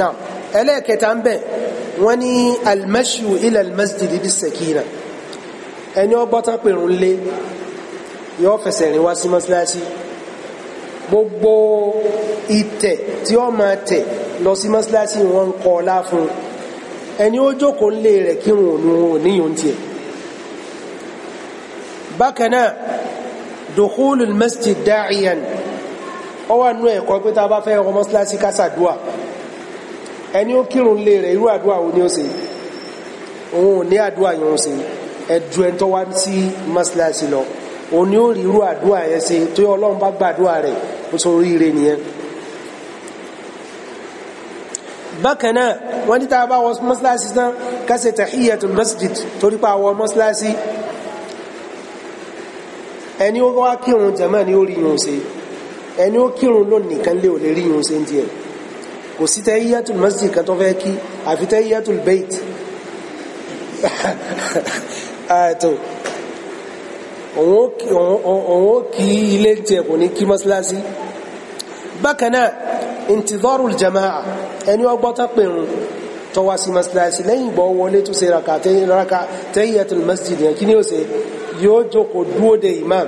náà ẹlẹ́ẹ̀kẹta ń bẹ̀ wọ́n ní almashu ila almasjid bisakina ẹni ọgbọ́ta pèrún lé yọ fẹsẹ̀ rìn wá sí mọ́síláṣí gbogbo ìtẹ̀ tí ó máa tẹ̀ lọ sí mọ́síláṣí wọn ń kọ́ ọlá un ẹni ó jókòó lé rẹ̀ kírun òun níyùn tiẹ̀ bákan náà dukhul al-masjid da'iyan ó wà nú ẹ̀kọ́ pé tá a bá fẹ́ ọmọ síláṣí kásàdúà ẹni ó kírun lé rẹ̀ irú àdúà òun ni ó ṣe òun ò ní àdúà yẹn ó ṣe ẹ̀dù ẹ̀ wá sí mọ́síláṣí lọ òun ni ó rí irú àdúà yẹn ṣe tó yẹ ọlọ́run bá gbàdúà rẹ̀ ó sọ oríire nìyẹn bákan náà wọ́n ní tá a bá wọ mọ́sálásí tán ká ṣe tahiyatul masjid torí pa àwọn mọ́sálásí ẹni ó wá kírun jàmáà ni ó rí yun ṣe ẹni ó kírun lónìí kan lé ò lè rí yun ṣe ń kò sí tahiyatul masjid kan tó fẹ́ kí àfi tahiyatul bait ààtò ah, òun ó kí ilé tiẹ̀ kò ní kí mọ́sálásí bákan intidharul jama'a ẹni ọgbọ́ tán pèrún tó wá sí masilasi lẹ́yìn ìgbọ́ wọlé tó ṣe raka tahiyatul masjid yẹn kí ni ó ṣe yóò jókòó dúó de imam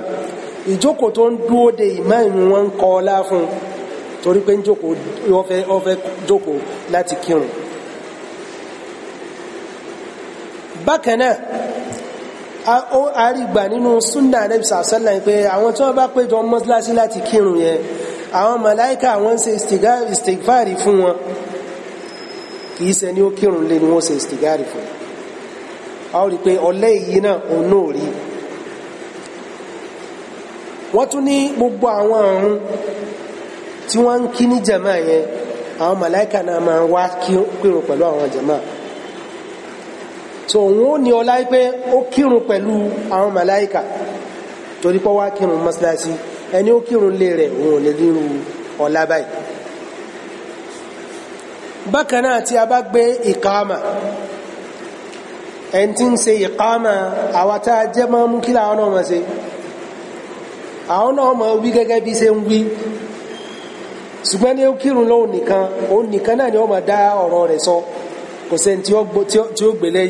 ìjókòó tó ń dúó de imam wọn ń kọ ọlá fún torí pé ń jókòó ó jókòó láti kírun bákan a rí gbà nínú súnnà Ànábì sallallahu pé àwọn tí wọ́n bá péjọ mọ́síláṣí láti kírun yẹn àwọn màláíkà wọ́n ṣe istigfari fún wọn kìí ṣe ní ó kírun lé ni wọ́n ṣe istigfari fún a ó rí pé ọlẹ́ yìí náà òun náà rí wọ́n tún ní gbogbo àwọn ọ̀run tí wọ́n ń kí ní jàmá yẹn àwọn màláíkà náà máa wá kírun pẹ̀lú àwọn jàmá so òun ó ní ọlá pé ó kírun pẹ̀lú àwọn màláíkà torí wá kírun mọ́sálásí. ẹni ó kírun lé rẹ̀ òun ò lè rírun ọ̀la báyìí bákan náà tí a bá gbé ìkáàmà ẹni tí ń ṣe ìkáàmà àwa tá a jẹ́ máa mú kí làwọn náà máa ṣe àwọn náà máa wí gẹ́gẹ́ bí ṣe ń wí ni máa dá ọ̀rọ̀ rẹ̀ sọ kò sẹ́ni tí ó gbé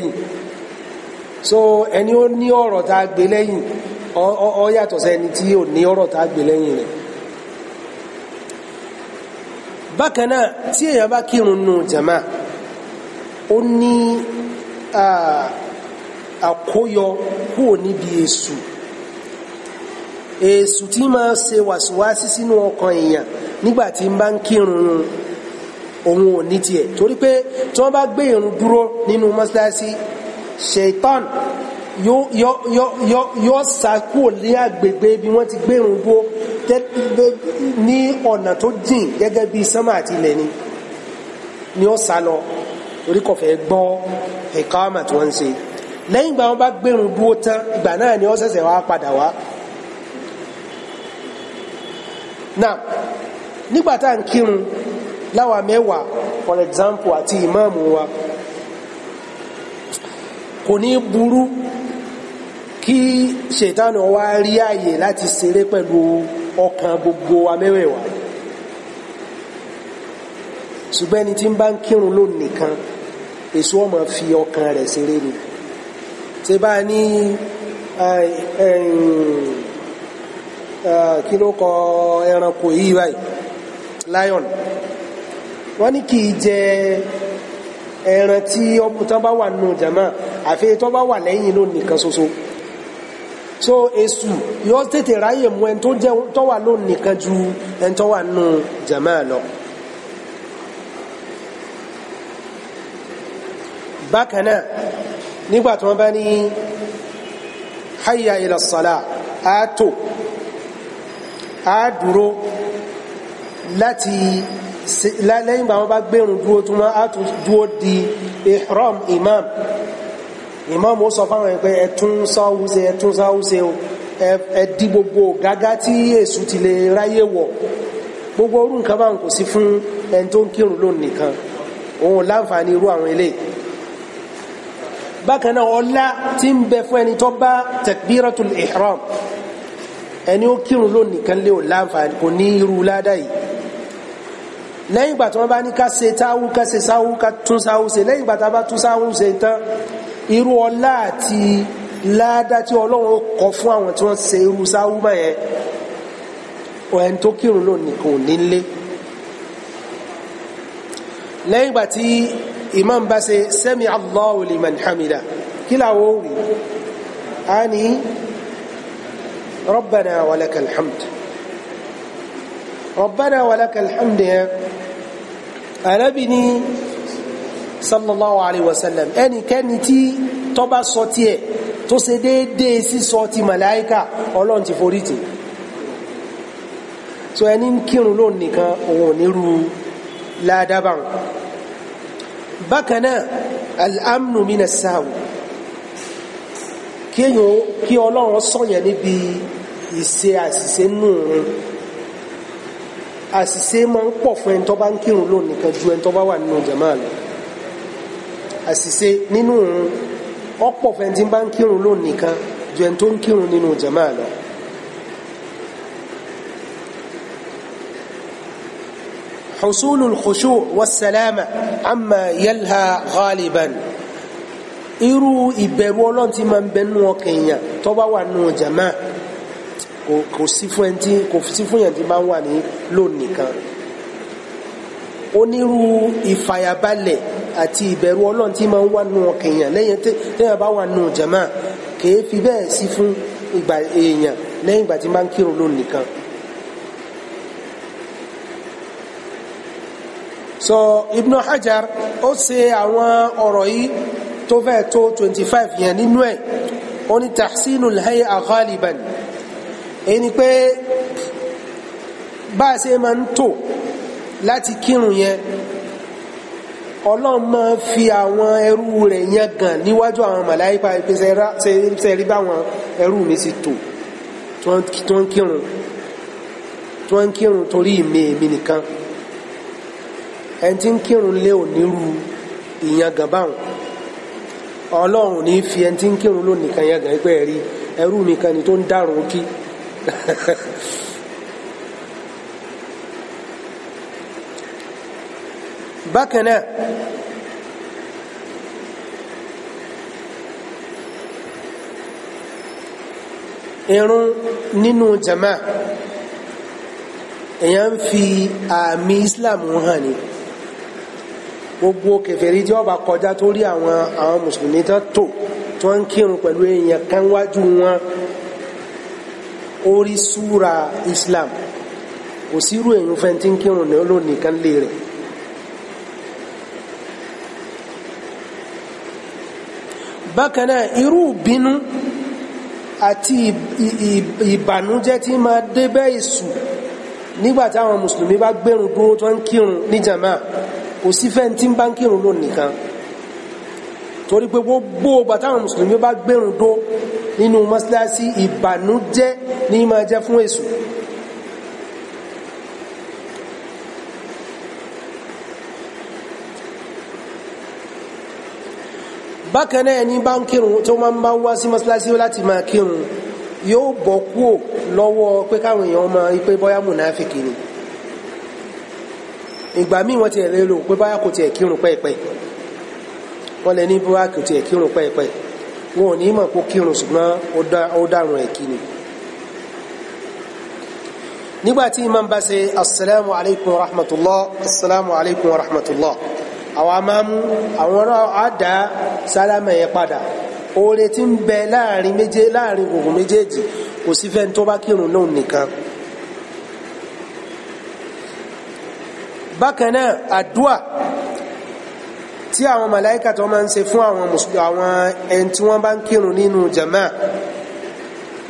so ẹni ó ní ọ̀rọ̀ tá a gbé ọ yàtọ̀ sẹ́ni tí ò ní ọ̀rọ̀ tá a gbé lẹ́yìn rẹ̀ bákan náà tí èèyàn bá kírun nù jama ó ní àkóyọ kúrò níbi èṣù èṣù tí máa ṣe wàsíwàsí sínú ọkàn èèyàn nígbà tí ń bá ń kírun òun ò ní tiẹ̀ torí pé tí wọ́n bá gbé irun dúró nínú mọ́ṣáláṣí ṣèitán yóò sàkó lé agbègbè bí wọ́n ti gbé irun dúó ní ọ̀nà tó jìn gẹ́gẹ́ bí sánmà àti ilẹ̀ ni ni ó sá lọ orí kò fẹ́ gbọ́ ẹ̀ka ọmọ tí wọ́n ń ṣe lẹ́yìn ìgbà wọn bá gbẹ̀rún dúró tán ìgbà náà ni ó ṣẹ̀ṣẹ̀ wá padà wá náà nígbà tá à ń kírun láwa mẹ́wàá for example àti ìmáàmù wa kò ní burú kí ṣètánù wá rí àyè láti ṣeré pẹ̀lú ọkàn gbogbo amẹ́wẹ̀wà ṣùgbọ́n ẹni tí ń bá ń kírun lónìí nìkan èso ọmọ fi ọkàn rẹ̀ ṣeré ni ṣe bá ní kí ló kọ ẹranko yìí báyìí lion wọ́n ní kì í jẹ ẹran tí ọkùnrin tó bá wà nù jàmá àfi tó bá wà lẹ́yìn lónìí nìkan ṣoṣo so èsù yóò tètè ráyè mú ẹni tó wà lónìí nìkan ju ẹni tó wà nù jama lọ. bákan náà nígbà tí wọ́n bá ní hayya ila sala á tò á dúró láti lẹ́yìn bá wọ́n bá gbẹ̀rùn dúró tó máa á tún dúró di ihram imam ìmáàmù sọ fáwọn ẹ̀ pé ẹ̀tún sáwúse ẹ̀tún sáwúse o ẹ̀dí gbogbo gágá tí èṣù ti lè ráyè wọ̀ gbogbo orú nǹkan bá ń kò sí fún ẹni tó ń kírun lónìí nìkan òun láǹfààní irú àwọn eléyìí bákan náà ọlá tí ń bẹ fún ẹni tó bá takbiratul ihram ẹni ó kírun lónìí nìkan lé ò láǹfààní kò ní irú ládá yìí lẹ́yìn ìgbà tí wọ́n bá ní ká ṣe táwú ká ṣe sáwú ká tún sáwú ṣe lẹ́yìn ìgbà tí wọ́n bá tún sáwú ṣe tán irú ọlá àti láàdá tí ọlọ́run kọ fún àwọn tí wọ́n ṣe irú sáwúmà yẹn ẹni tó kírun ló nìkan ò nílé lẹ́yìn ìgbà tí imam bá ṣe sẹ́mi Allahu liman hamida kí làwọn rí a ní rabbana walakal hamd rabbana walakal hamd yẹn sallallahu alayhi wa sallam ẹnikẹ́ni tí tó bá sọ tiẹ̀ tó ṣe déédéé sísọ ti màláíkà ọlọ́run ti forí tì so ẹni ń kírun lónìí nìkan òun ò ní ru ládàbà bákan náà al-amnu mina sáwù kéèyàn kí ọlọ́run sọ̀yàn níbi ìṣe àṣìṣe nù rún àṣìṣe máa ń pọ̀ fún ẹni tó bá ń kírun lónìí nìkan ju ẹni tó bá wà nínú jàmáà lọ àṣìṣe nínú òun ọ̀pọ̀ fẹ́ntì bá ń kírun lónìí nìkan ju ẹni tó ń kírun nínú jàmáà lọ. حصول الخشوع والسلامة عما يلهى غالبا irú ìbẹ̀rù ọlọ́run ti máa ń bẹ nínú ọkàn èèyàn tó bá wà nínú jàmáà kò sí fún ẹni kò sí fún èèyàn máa ń wà ní lónìí kan onírú ìfàyàbalẹ̀ àti ìbẹ̀rù ọlọ́run tí máa ń wà nù ọkẹ̀yàn lẹ́yìn téèyàn bá wà nù jàmá kìí fi bẹ́ẹ̀ sí fún ìgbà èèyàn lẹ́yìn ìgbà tí máa ń kírun lónìí nìkan. so Ibn Hajar ó ṣe àwọn ọ̀rọ̀ yìí tó fẹ́ tó twenty five yẹn nínú ẹ̀ ó ní tahsinul hay'a ghaliban ẹni pé bá a ṣe máa ń tò láti kírun yẹn ọlọ́run máa fi àwọn ẹrú rẹ̀ yẹn gàn níwájú àwọn màláíkà ìpèsè rí báwọn ẹrú mi sì tò tó ń kírun tó ń kírun torí ìmí èmi nìkan ẹni tí ń kírun lé onírú ìyangàn báwọn ọlọ́run ní fi ẹni tí ń kírun lónìí kan yangàn ẹgbẹ́ rí ẹrú mi kan ni tó ń dárun kí bákan náà irun nínú jama èyàn ń fi àmì Islam hàn ni gbogbo kèfèrí tí wọ́n bá kọjá tó rí àwọn àwọn mùsùlùmí tó tò tó ń kírun pẹ̀lú èèyàn kan wájú wọn orí súra Islam kò sírú èèyàn fẹ́ tí ń kírun lónìí kan lè rẹ̀ bákan náà irú ìbínú àti ìbànújẹ́ tí máa débẹ̀ èsù nígbà táwọn mùsùlùmí bá gbẹ̀rún dúró tó ń kírun ní jama kò sí fẹ́ tí ń bá ń kírun lónìí kan torí pé gbogbo ọgbà táwọn mùsùlùmí bá gbẹ̀rún dúró nínú mọ́síláṣí ìbànújẹ́ ní máa jẹ́ fún èsù bákan náà ẹni bá ń kírun tó máa ń bá ń wá sí mọ́sálásí láti máa kírun yóò bọ́ kúò lọ́wọ́ pé káwọn èèyàn máa ń pé bóyá mùnáfìkì ni ìgbà míì wọ́n ti ẹ̀ lérò pé bóyá kò tiẹ̀ kírun pẹ́ẹ̀pẹ́ wọ́n lè ní bóyá kò tiẹ̀ kírun pẹ́ẹ̀pẹ́ wọn ò ní mọ̀ kó kírun ṣùgbọ́n ó dàrún ẹ̀ kí ni nígbàtí imam bá ṣe assalamu alaikum wa rahmatullah assalamu alaikum wa rahmatullah àwọn amáàmú àwọn náà á dá sálámà yẹn padà oore tí ń bẹ láàrin méje láàrin gbùngbùn méjèèjì kò sí fẹ́ni tó bá kírun náà nìkan. bákan náà àdúà tí àwọn màláìkà tó máa ń ṣe fún àwọn ẹni tí wọ́n bá ń kírun nínú jama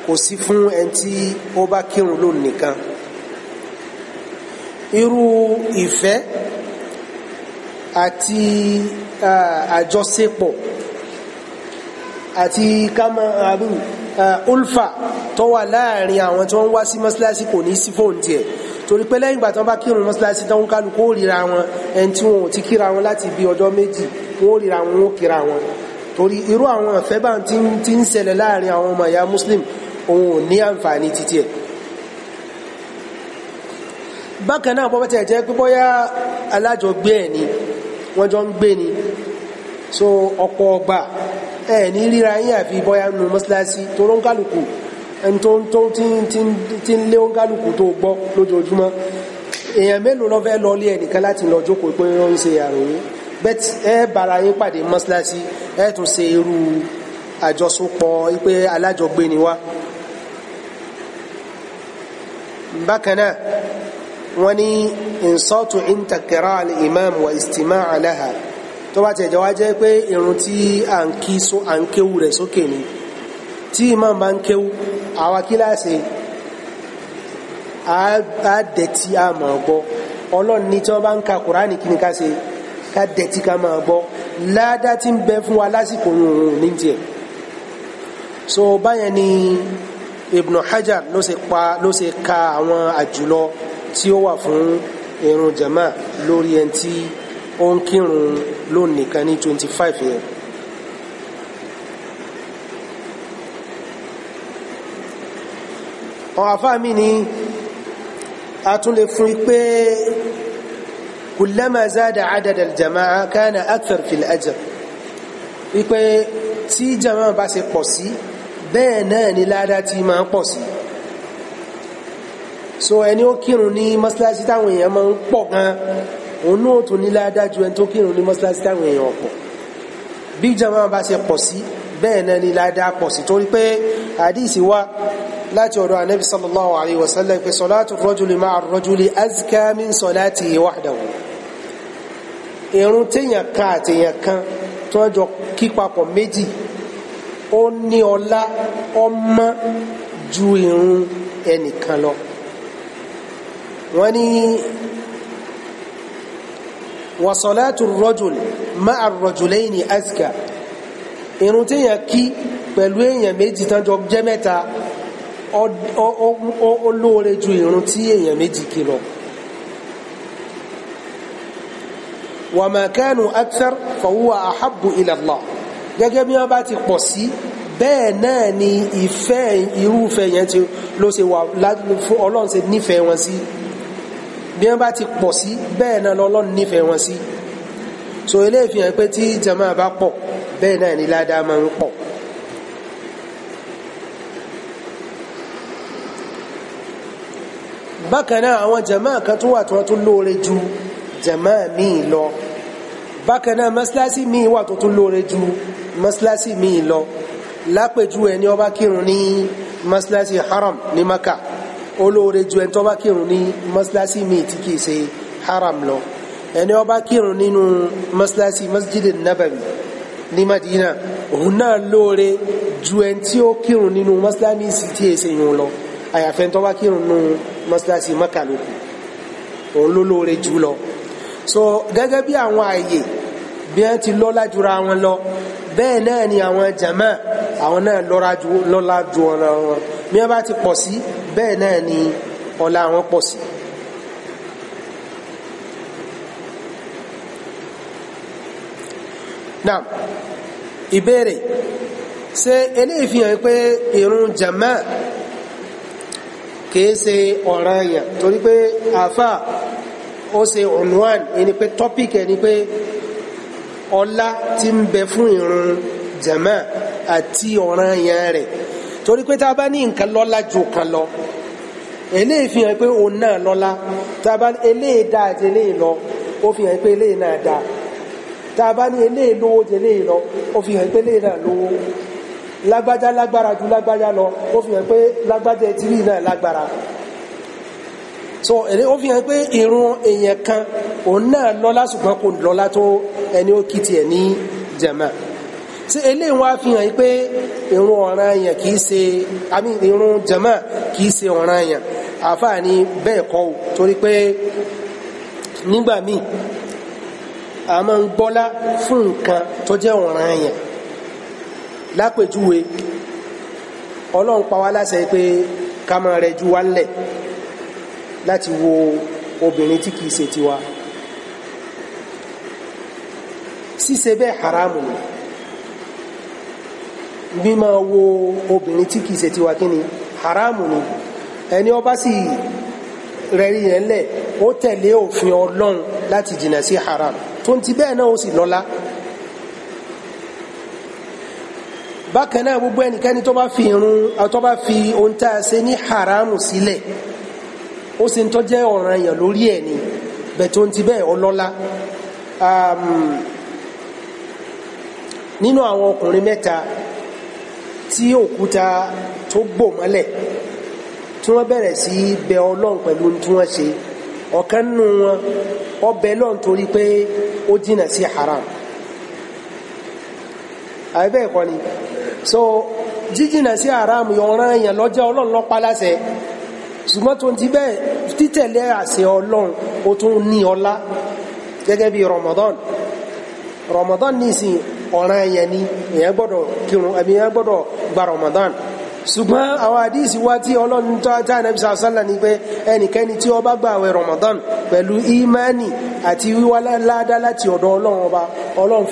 kò sí fún ẹni tí ó bá kírun lónìí nìkan irú ìfẹ́ àti àjọṣepọ̀ àti kama àrùn ulfa tó wà láàrin àwọn tí wọ́n wá sí mọ́síláṣí kò ní sí fóònù tiẹ̀ torí pé lẹ́yìn ìgbà tí wọ́n bá kírun mọ́síláṣí tó ń kálukú ó ríra wọn ẹni tí wọn ò ti kíra wọn láti bí ọjọ́ méjì wọn ó ríra wọn ó kíra wọn torí irú àwọn ọ̀fẹ́ bá ti ń ṣẹlẹ̀ láàrin àwọn ọmọ ìyá muslim òun ò ní àǹfààní títí ẹ̀ bákan náà bọ́bá tẹ̀ jẹ́ pé alájọgbé ẹ̀ ni wọ́n jọ ń gbé ni so ọ̀pọ̀ ọgbà ẹ ní ríra yín àfi bọ́yá nu mọ́sálásí tó ló ń kálukú ẹni tó ń tó ti ń lé ó ń kálukú tó gbọ́ lójoojúmọ́ èèyàn mélòó lọ fẹ́ lọlé ẹnìkan láti lọ jókòó pé ó ń ṣe àròyé bẹ́ẹ̀ ẹ bára yín pàdé mọ́sálásí ẹ tún ṣe irú àjọsopọ̀ pé alájọgbé ni wá bákan náà wọ́n ní ìsọ́tù ìntàkẹ́rà imam wa istima alaha tó bá tẹ̀jọ́ wá jẹ́ pé irun tí à ń kí so à ń kéwu rẹ̀ sókè ni tí imam bá ń kéwu àwa kíláàsì a dẹ̀tí a máa gbọ́ ọlọ́run ní tí wọ́n bá ń ka kùránì kí ni ká ṣe ká dẹ̀tí ká máa gbọ́ ládá tí ń bẹ fún wa lásìkò ní tiẹ̀ so báyẹn ni Ibn Hajar ló ṣe ka àwọn àjùlọ tí ó wà fún irun jama lórí ẹni tí ó ń kírun lónìí kan ní twenty five yẹn. ọ̀háfà mi ni a tún lè fún pé kullama zada adada aljama'a kana akthar fil ajr wípé tí jama'a bá ṣe pọ̀ sí bẹ́ẹ̀ náà ni ládá tí máa pọ̀ sí so ẹni ó kírun ní mọ́sálásí táwọn èèyàn máa ń pọ̀ gan òun náà tún ní ládájú ẹni tó kírun ní mọ́sálásí táwọn èèyàn ọ̀pọ̀ bí jama bá ṣe pọ̀ sí bẹ́ẹ̀ náà ni ládàá pọ̀ sí torí pé àdìsí wá láti ọ̀dọ̀ anabi sallallahu alayhi wa sallam pé salatu rajuli ma'a rajuli azka min salatihi wahdahu irun téèyàn kan àtèèyàn kan tó ń jọ kí papọ̀ méjì ó ní ọlá ọmọ ju irun ẹnìkan lọ wọ́n ní wàsọ̀látù rọ́jùl máa rọ̀jùlẹ́ ní azka irun tí yàn kí pẹ̀lú èèyàn méjì tán jọ jẹ́ mẹ́ta ó lóore ju irun tí èèyàn méjì kí lọ wà máa kánù akthar fọwọ́ àhábù ila gẹ́gẹ́ bí wọ́n bá ti pọ̀ sí bẹ́ẹ̀ náà ni ìfẹ́ irúfẹ́ yẹn ti ló ṣe wà ọlọ́run ṣe nífẹ̀ẹ́ wọn sí si bí wọ́n bá ti pọ̀ sí bẹ́ẹ̀ náà lọ́lọ́run nífẹ̀ẹ́ wọn sí so eléyìí fi pé tí jama bá pọ̀ bẹ́ẹ̀ náà ni ládàá máa ń pọ̀. bákan náà àwọn jama kan tún wà tí wọ́n tún lóore ju jama míì lọ bákan náà mọ́sálásí míì wà tó tún lóore ju mọ́sálásí míì lọ lápèjú ẹni ó kírun ní mọ́sálásí haram ní maka olóore ju ẹni tó bá kírun ní mọ́sálásí míì tí kìí ṣe haram lọ ẹni ó bá kírun nínú mọ́sálásí masjid nabawi ní madina òun náà lóore ju ẹni tí ó kírun nínú mọ́sálásí tí èsè yìí lọ àyàfẹ́ tó bá kírun nínú mọ́sálásí Mẹ́kà òun ló lóore jù lọ so gẹ́gẹ́ bí àwọn àyè bí wọ́n ti lọ́lá jura wọn lọ bẹ́ẹ̀ náà ni àwọn jama àwọn náà lọ́lá ju wọn lọ bí wọ́n bá ti pọ̀ sí bẹ́ẹ̀ náà ni ọlá wọn pọ̀ sí náà ìbéèrè ṣé eléyìí fi hàn pé ìrun jama kìí ṣe ọ̀ranyàn torí pé àfà ó ṣe ọ̀nùwàn ẹni pé tọ́pìkì ẹni pé ọlá tí ń bẹ fún ìrun jama àti ọ̀ranyàn rẹ̀ torí pé tá a bá ní nǹkan lọ́lá ju kan lọ eléyìí fi hàn pé òun náà lọ́lá tá a bá ní eléyìí dáa àti eléyìí lọ ó fi hàn pé eléyìí náà dáa tá a bá ní eléyìí lówó ju eléyìí lọ ó fi hàn pé eléyìí náà lówó lágbájá lágbára ju lágbájá lọ ó fi hàn pé lágbájá etí náà lágbára so èdè ó fi hàn pé irun èèyàn kan òun náà lọ́lá ṣùgbọ́n kò lọ́lá tó ẹni ó kìtì ẹ̀ ní jẹ̀mọ́ ṣe eléyìí wá fi hàn pé irun ọ̀ranyàn kìí ṣe àmì irun jama kìí ṣe ọ̀ranyàn àfáà ni bẹ́ẹ̀ kọ́ ò torí pé nígbà míì a máa ń gbọ́lá fún nǹkan tó jẹ́ ọ̀ranyàn lápèjúwe ọlọ́run pa wá láṣẹ pé ká máa rẹjú wá ńlẹ̀ láti wo obìnrin tí kìí ṣe tiwa ṣíṣe bẹ́ẹ̀ haramu ni bí máa wo obìnrin tí kìí ṣe tiwa kí ni haramu ni ẹni ọba sì rẹ̀rí yẹn lẹ̀ ó tẹ̀lé òfin ọlọ́run láti jìnà sí haram tó ń ti bẹ́ẹ̀ náà ó sì lọ́lá bákan náà gbogbo ẹnikẹ́ni tó bá fi irun tó bá fi ohun tá a ṣe ní haramu sílẹ̀ ó sì ń tọ́jẹ́ ọ̀ràn èèyàn lórí ẹ̀ ni bẹ̀ tó ti bẹ́ẹ̀ ọlọ́lá nínú àwọn ọkùnrin mẹ́ta tí òkúta tó bò mọ́lẹ̀ tí wọ́n bẹ̀rẹ̀ sí bẹ ọlọ́run pẹ̀lú tí wọ́n ṣe ọ̀kan nínú wọn ọbẹ̀ lọ́n torí pé ó jìnà sí haram àbẹ́bẹ́ ẹ̀kọ́ ni so jíjìnà sí haram yọ̀ọ̀ràn èèyàn lọ́jọ́ ọlọ́run lọ́pàá láṣẹ ṣùgbọ́n tó ti bẹ́ẹ̀ títẹ̀lé àṣẹ ọlọ́run ó tún ní ọlá gẹ́gẹ́ bí Ramadan Ramadan nísìnyí ọ̀ràn yẹn ni èèyàn gbọ́dọ̀ kírun gbọ́dọ̀ gba Ramadan ṣùgbọ́n àwọn àdíìsì wá tí ọlọ́run tó tá ànábì sàásánlá pé ẹnikẹ́ni tí ó bá gba àwẹ̀ Ramadan pẹ̀lú imani àti wíwá ládá láti ọ̀dọ̀ ọba ọlọ́run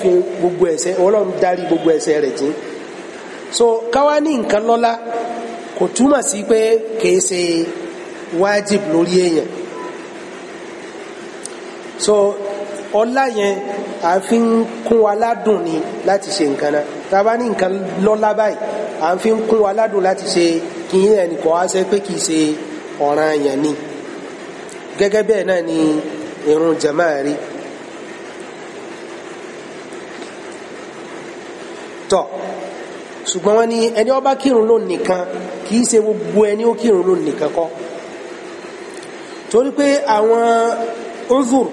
a fi ń kún wa ládùn ni láti ṣe nǹkan náà tá a bá ní nǹkan lọ́lá báyìí a fi ń kún wa ládùn láti ṣe kì í ẹnìkan wá sẹ́ pé kì í ṣe ọ̀ràn àyàn ni gẹ́gẹ́ bẹ́ẹ̀ náà ni irun jamaa rí tọ́ ṣùgbọ́n wọ́n ní ẹni ó bá kírun lónìí nìkan kì í ṣe gbogbo ẹni ó kírun lónìí nìkan kọ́ torí pé àwọn uzur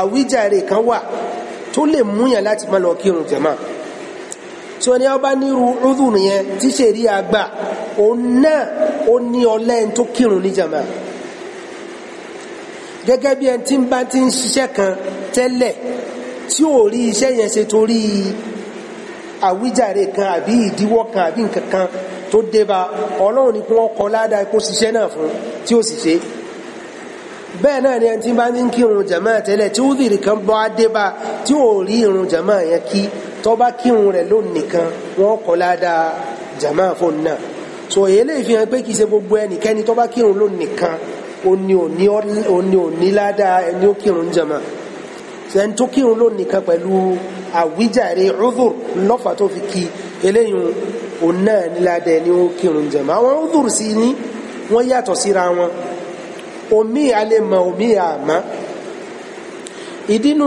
àwíjàre kan wà tó lè múyàn láti má lọ kírun jàmá tí wọ́n ní ọba nírú ọdún yẹn tí ṣèrí àgbà òun náà ó ní ọlẹ́ni tó kírun ní jàmá gẹ́gẹ́ bí ẹni tí ń bá ti ń ṣiṣẹ́ kan tẹ́lẹ̀ tí ò rí iṣẹ́ yẹn ṣe torí àwíjàre kan àbí ìdíwọ́ kan àbí nǹkan kan tó dé bá ọlọ́run ni kí wọ́n kọ ládàá kó ṣiṣẹ́ náà fún tí ó sì ṣe é bẹ́ẹ̀ náà ni ẹni tí bá ní kí irun jàmá tẹ́lẹ̀ tí wúdìrì kan bọ́ adébá tí ò rí irun jàmá yẹn kí tó kí irun rẹ̀ lónìí kan wọ́n kọ́ ládàá jàmá fóun náà so èyí lè fi hàn pé kì í ṣe gbogbo ẹnikẹ́ni tó bá kí irun lónìí kan òní òní òní ládàá ẹni ó kí irun jàmá ẹni tó kí irun lónìí kan pẹ̀lú àwíjàre udhur lọ́fà tó fi kí eléyìí òun náà ládàá ẹni ó kí irun jàmá àwọn udhur sí ni wọ́n yàtọ̀ síra wọn omi alẹ́ mọ omi àmọ́ ìdínú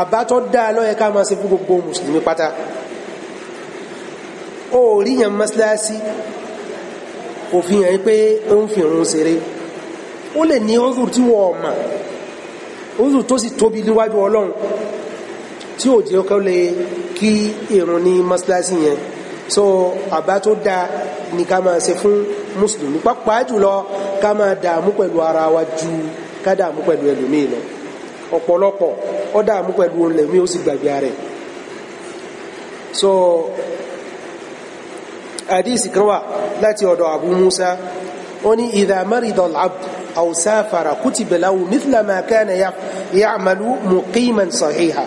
àbá tó dáa lọ́yẹ ká máa ṣe fún gbogbo mùsùlùmí pátá ó rí yàn mọ́síláṣí kò fi hàn pé ó ń fìrun ṣeré ó lè ní oṣù tí wọ́n mọ̀ oṣù tó sì tóbi níwájú ọlọ́run tí ò jẹ́ kó lè kí ìrun ní mọ́síláṣí yẹn so àbá tó dáa ni ká máa ṣe fún mùsùlùmí pàápàá jùlọ ká máa dààmú pẹ̀lú ara wa ju ká dààmú pẹ̀lú ẹlòmíì lọ ọ̀pọ̀lọpọ̀ ó dààmú pẹ̀lú ẹlòmíì ó sì gbàgbé ara so hadith kan wà láti ọ̀dọ̀ Abu Musa ó ní idha marida al-abd aw safara kutiba lahu mithla ma kana ya'malu muqiman sahiha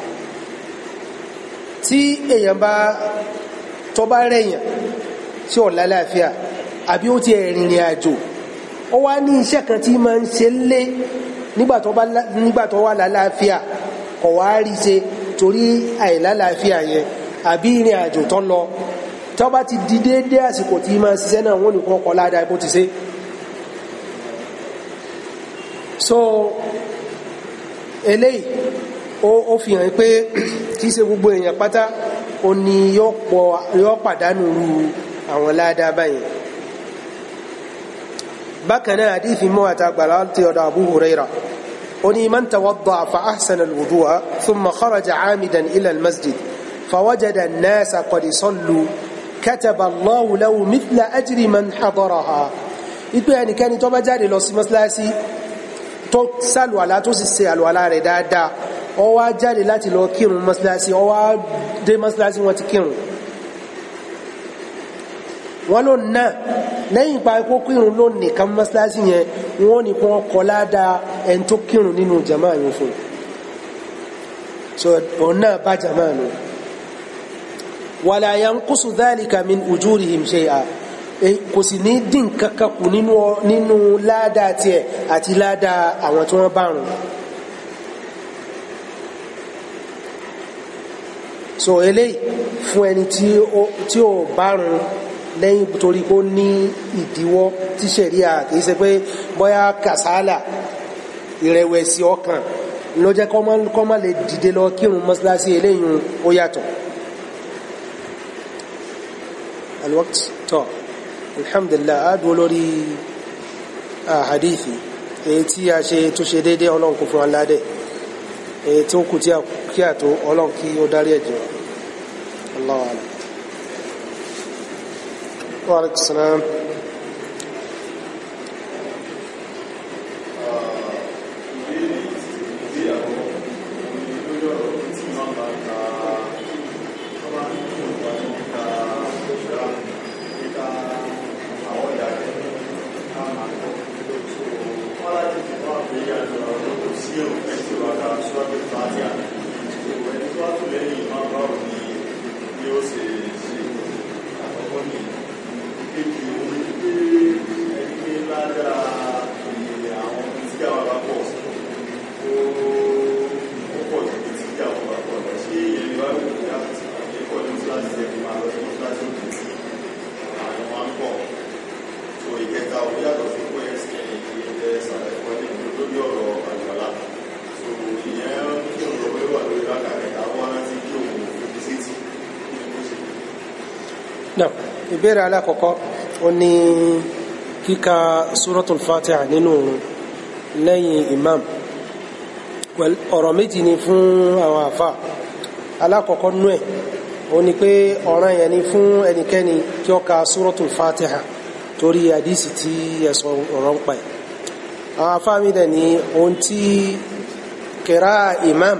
tí èèyàn bá tó bá rẹ̀yàn tí ó lálàáfíà àbí ó ti ẹ̀rìnrìn àjò ó wá ní iṣẹ́ kan tí máa ń ṣe lé nígbà tó wà lálàáfíà kò wá rí ṣe torí àìlálàáfíà yẹn àbí ìrìn àjò tó lọ tó bá ti di déédé àsìkò tí máa ṣiṣẹ́ náà wọ́n nìkan kọ́ ládàá bó ti ṣe so eléyìí ó fi hàn pé kì í ṣe gbogbo èèyàn pátá ó ní yóò pàdánù àwọn ládàá báyìí bákan náà àdífi mọ́ àtàgbàlá ti ọ̀dọ̀ Abu Huraira ó ní man tawadda'a fa ahsana al-wudu'a thumma kharaja 'amidan ila al-masjid فوجد الناس قد صلوا كتب الله له مثل أجر من حضرها ipe ẹnikẹ́ni tó bá jáde lọ sí mọ́sálásí tó sàlùwàlá wọn ló ná lẹ́yìn pa kó kírun ló nìkan mọ́sálásí yẹn wọn ní kó kọ́ ládàá ẹni tó kírun nínú jama yẹn fún so òun náà bá jama nù wàlà yankusu dhalika min ujurihim shay'a e, kò sì ní dín kankan kù nínú ládàá tiẹ̀ àti ládàá àwọn tí wọ́n bá rùn. so eléyìí fún ẹni tí ó bárun lẹ́yìn torí kó ní ìdíwọ́ tí sẹ̀ríà kìí ṣe pé bóyá kàsálà ìrẹ̀wẹ̀sì ọkàn ló jẹ́ kọ́ má lè dìde lọ alhamdulillah adúró hadithi èyí tí a ṣe tó ṣe déédéé ọlọ́run kò fún kí àtó ọlọ́run kí ó dárí ẹ̀jẹ̀ Allah وعليكم السلام náà ìbéèrè alákọ̀ọ́kọ́ ó ní kíka fatiha nínú lẹ́yìn imam ọ̀rọ̀ méjì ni fún àwọn àfà alákọ̀ọ́kọ́ nú ẹ̀ ó ní pé ni fún ẹnikẹ́ni kí ó ka fatiha torí àdísì tí ẹ̀sọ̀ ọ̀rọ̀ ń pa ẹ̀ àwọn àfà mi dẹ̀ ni, ohun tí imam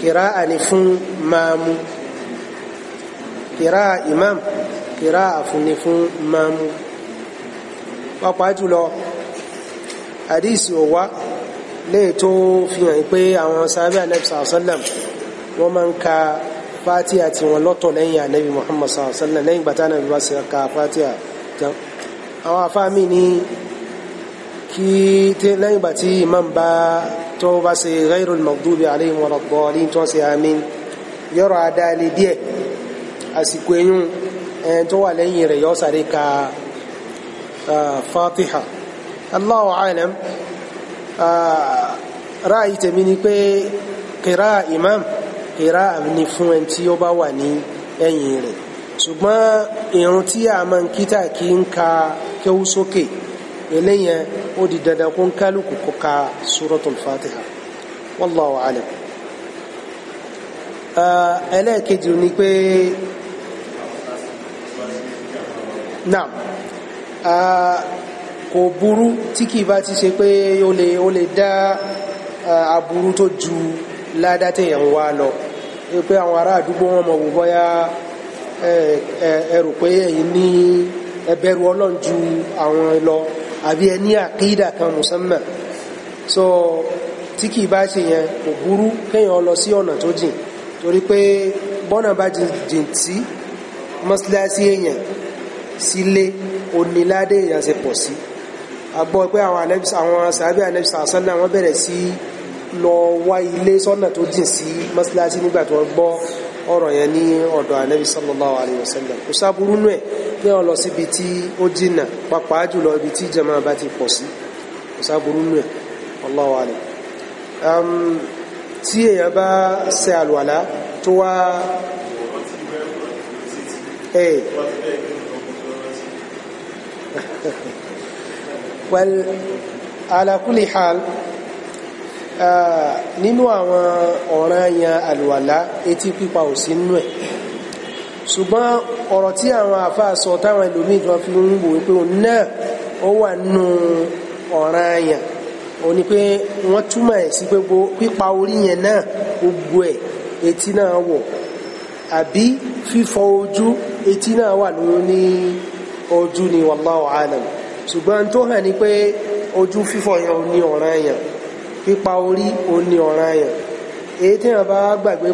kẹrà ni fún máa kìrá imam kìrá àfúnni fún mamu pàápàá jùlọ àdísì òwá léè tó fi hàn pé àwọn sábẹ́ anabi sàlọ́sálàm wọ́n máa ń ka fatiha tí wọ́n lọ́tọ̀ lẹ́yìn anabi muhammad sàlọ́sálàm lẹ́yìn gbàtà anabi bá sì ka fatiha tán àwọn afáàmì ní kí lẹ́yìn ìgbà tí imam bá tó bá ṣe ghairul maghdubi alayhim wa radhdallin tó ṣe àmín yọ̀rọ̀ àdáàlẹ̀ díẹ̀ àsìkò eyín ẹni tó wà lẹ́yìn rẹ̀ yọ sáré ka fatiha Allahu alam ráàyè tèmi ni pé kìrá imam kìrá ni fún ẹni tí ó bá wà ní ẹ̀yìn rẹ̀ ṣùgbọ́n ìrun tí a máa ń kíta kí ń ka kéwú sókè eléyẹn ó di dandan kó ń kálukú kó ka suratul fatiha wallahu alam ẹlẹ́ẹ̀kejì ni pé náà uh, kò burú tí kìí bá ti ṣe pé ó lè ó lè dá uh, aburú tó ju ládá téèyàn wá lọ pé àwọn ará àdúgbò wọn mọ̀ wò bóyá ẹrù pé ẹ̀yin ní ẹbẹ̀rù ọlọ́run ju àwọn lọ àbí ẹ ní àkídà kan musamman so tí kìí bá ṣe yẹn kò burú kéèyàn lọ sí ọ̀nà tó jìn torí pé bọ́nà bá jìn sí mọ́síláṣí èèyàn sílé oníládé èèyàn ṣe pọ̀ sí agbọ́ pé àwọn sàábẹ́ anẹ́bí sàásánà wọ́n bẹ̀rẹ̀ sí lọ wá ilé sọ́nà tó jìn sí mọ́síláṣí nígbà tí wọ́n gbọ́ ọ̀rọ̀ yẹn ní ọ̀dọ̀ anẹ́bí sallallahu alayhi wa sallam kò sáburú nù ẹ̀ pé ọ lọ síbi tí ó jìnà pàápàá jùlọ ibi tí jama bá ti pọ̀ sí kò sáburú nù ẹ̀ wallahu alayhi tí èèyàn bá ṣe àlùwàlá tó wá ẹ̀ well ala kulli hal ah, nínú àwọn ọ̀ranyàn àlùwàlá etí pípa ò sí nínú ẹ̀ ṣùgbọ́n ọ̀rọ̀ tí àwọn àfáà sọ táwọn ẹlòmíì tó fi ń wò pé òun náà ó wà nínú ọ̀ranyàn ó ní pé wọ́n túmọ̀ ẹ̀ sí pé pípa orí yẹn náà gbogbo ẹ̀ etí náà wọ̀ àbí fífọ ojú etí náà wà lórí ní ojú ni wallahu alam ṣùgbọ́n tó hàn ní pé ojú fífọ́ yẹn ò ní ọ̀ràn yẹn pípa orí ò ní ọ̀ràn yẹn èyí tí bá gbàgbé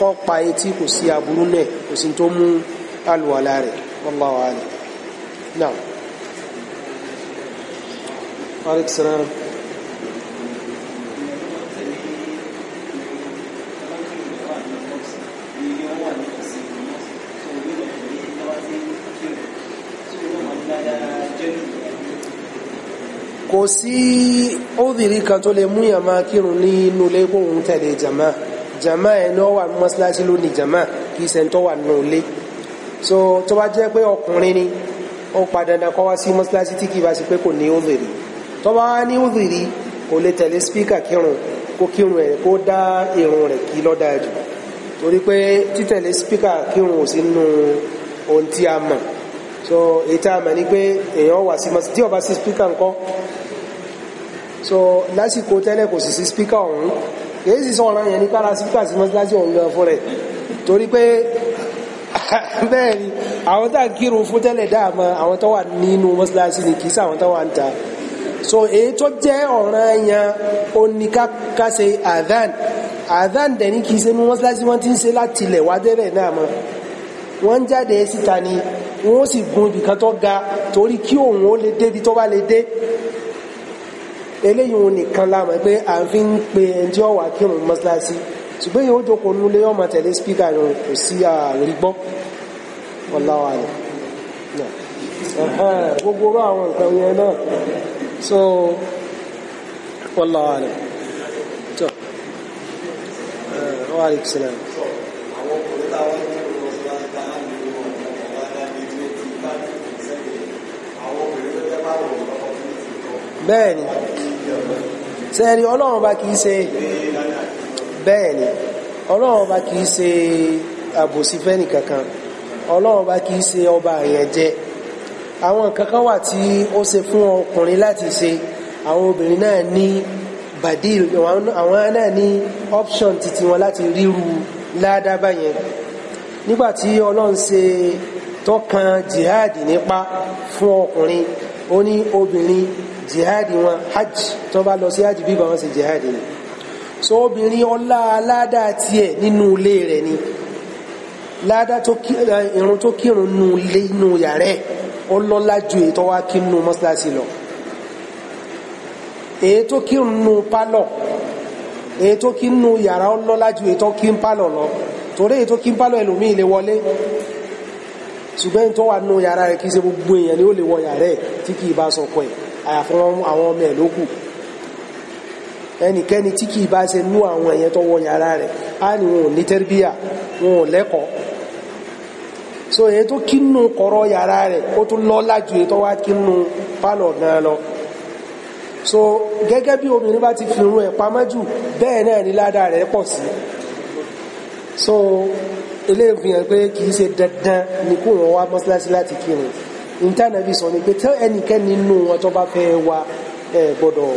kọ́ pa etí kò sí aburú náà kò sí tó mú alùwàlá rẹ̀ wallahu alam náà. kò sí ódìrí kan tó lè mú ìyàmá kírun ní inú ilé kó òun tẹ̀lé jama jama ẹni ó wà ní jama kì í ṣe tó wà nínú ilé so tó bá jẹ́ pé ọkùnrin ni ó padà dandan kó wá sí mọ́sálásí tí kì í bá ṣe pé kò ní ódìrí tó bá ní ódìrí kò lè tẹ̀lé spíkà kírun kó kírun ẹ̀ kó dá irun rẹ̀ kí lọ́dà jù torí pé títẹ̀lé spíkà kírun ò sí nínú ohun tí a mọ̀ so èyí tá a mọ̀ ni pé èèyàn wà sí mọ́sálásí tí ó sí spíkà ńkọ́ so lásìkò tẹ́lẹ̀ kò sì sí spíkà ọ̀hún èyí sì sọ ọ̀ràn yẹn ní kára spíkà sí mọ́síláṣí ọ̀hún gan fún rẹ̀ torí pé bẹ́ẹ̀ ni àwọn tá à ń kírun fún tẹ́lẹ̀ dáàmọ́ àwọn tó wà nínú mọ́síláṣí ni kì í sáwọn tó wà ń ta so èyí tó jẹ́ ọ̀ràn yẹn ó ní adan, ṣe adhan adhan dẹ̀ ní kì í ṣe ní mọ́síláṣí wọ́n ti ń ṣe láti ilẹ̀ wá délẹ̀ náà mọ́ wọ́n ń jáde síta ni wọ́n sì gun ibìkan tó ga torí kí òun ó lè débi tó bá lè dé eléyìí wọn nìkan láàmú pé à ń fi ń pe ẹni tí ó wà kírun mọ́sálásí ṣùgbọ́n yóò jókòó nulé ọmọ tẹ̀lé spíkà yẹn kò sí àárí gbọ́ wallahu alim gbogbo orú àwọn nǹkan yẹn náà so wallahu alim tó wà ní kìsìlẹ̀. bẹ́ẹ̀ ni sẹ́ẹ̀rí ọlọ́run bá kìí ṣe bẹ́ẹ̀ ni ọlọ́run bá kìí ṣe àbòsí fẹ́ni kankan ọlọ́run bá kìí ṣe ọba àyàn jẹ àwọn kankan wà tí ó ṣe fún ọkùnrin láti ṣe àwọn obìnrin náà ní badil àwọn náà ní option titi wọn láti ríru ládàbà yẹn nígbàtí ọlọ́run ṣe tọ́kan jihad nípa fún ọkùnrin o ni obìnrin jihadi wọn hajj tí bá lọ sí hajj wọn jihadi ni so obìnrin ọlá aládá tiẹ̀ nínú ilé ni ládá tó irun tó kírun nínú ilé yàrá ju ètò wa kí lọ èyí tó kí ń nu èyí tó kí yàrá ju èyí kí lọ torí èyí tó kí ẹlòmíì ṣùgbọ́n tó wà nù yàrá rẹ̀ kì í ṣe gbogbo èèyàn ni ó lè wọ yàrá ẹ̀ tí kì í bá sọ pẹ̀ àyàfọ́ àwọn ọmọ ẹ̀ ló ẹnikẹ́ni tí kì bá ṣe nú àwọn èèyàn tó wọ yàrá rẹ̀ á ní wọn ní tẹ́rbíyà wọn ò lẹ́kọ̀ọ́ so èyí tó kínú kọ̀rọ̀ yàrá rẹ̀ ó tún lọ́lá ju èyí wá kínú pálọ̀ gan lọ so gẹ́gẹ́ bí obìnrin bá ti fi irun ẹ̀ pamọ́ bẹ́ẹ̀ náà ni ládàá rẹ̀ pọ̀ sí i so eléyìí fi hàn pé kì í ṣe dandan ni kó wọn wá mọ́sálásí láti kírun ìtànàbí sọ ni pé tẹ́ ẹnikẹ́ni nínú wọn tó bá fẹ́ wá ẹ gbọ́dọ̀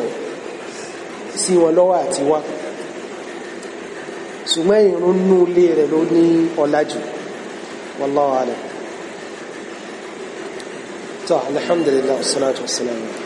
sí wọn lọ́wọ́ àti wá ṣùgbọ́n ìrun nú ilé rẹ̀ ló ní ọ̀làjù wallahu alam. طيب الحمد لله والصلاة والسلام عليكم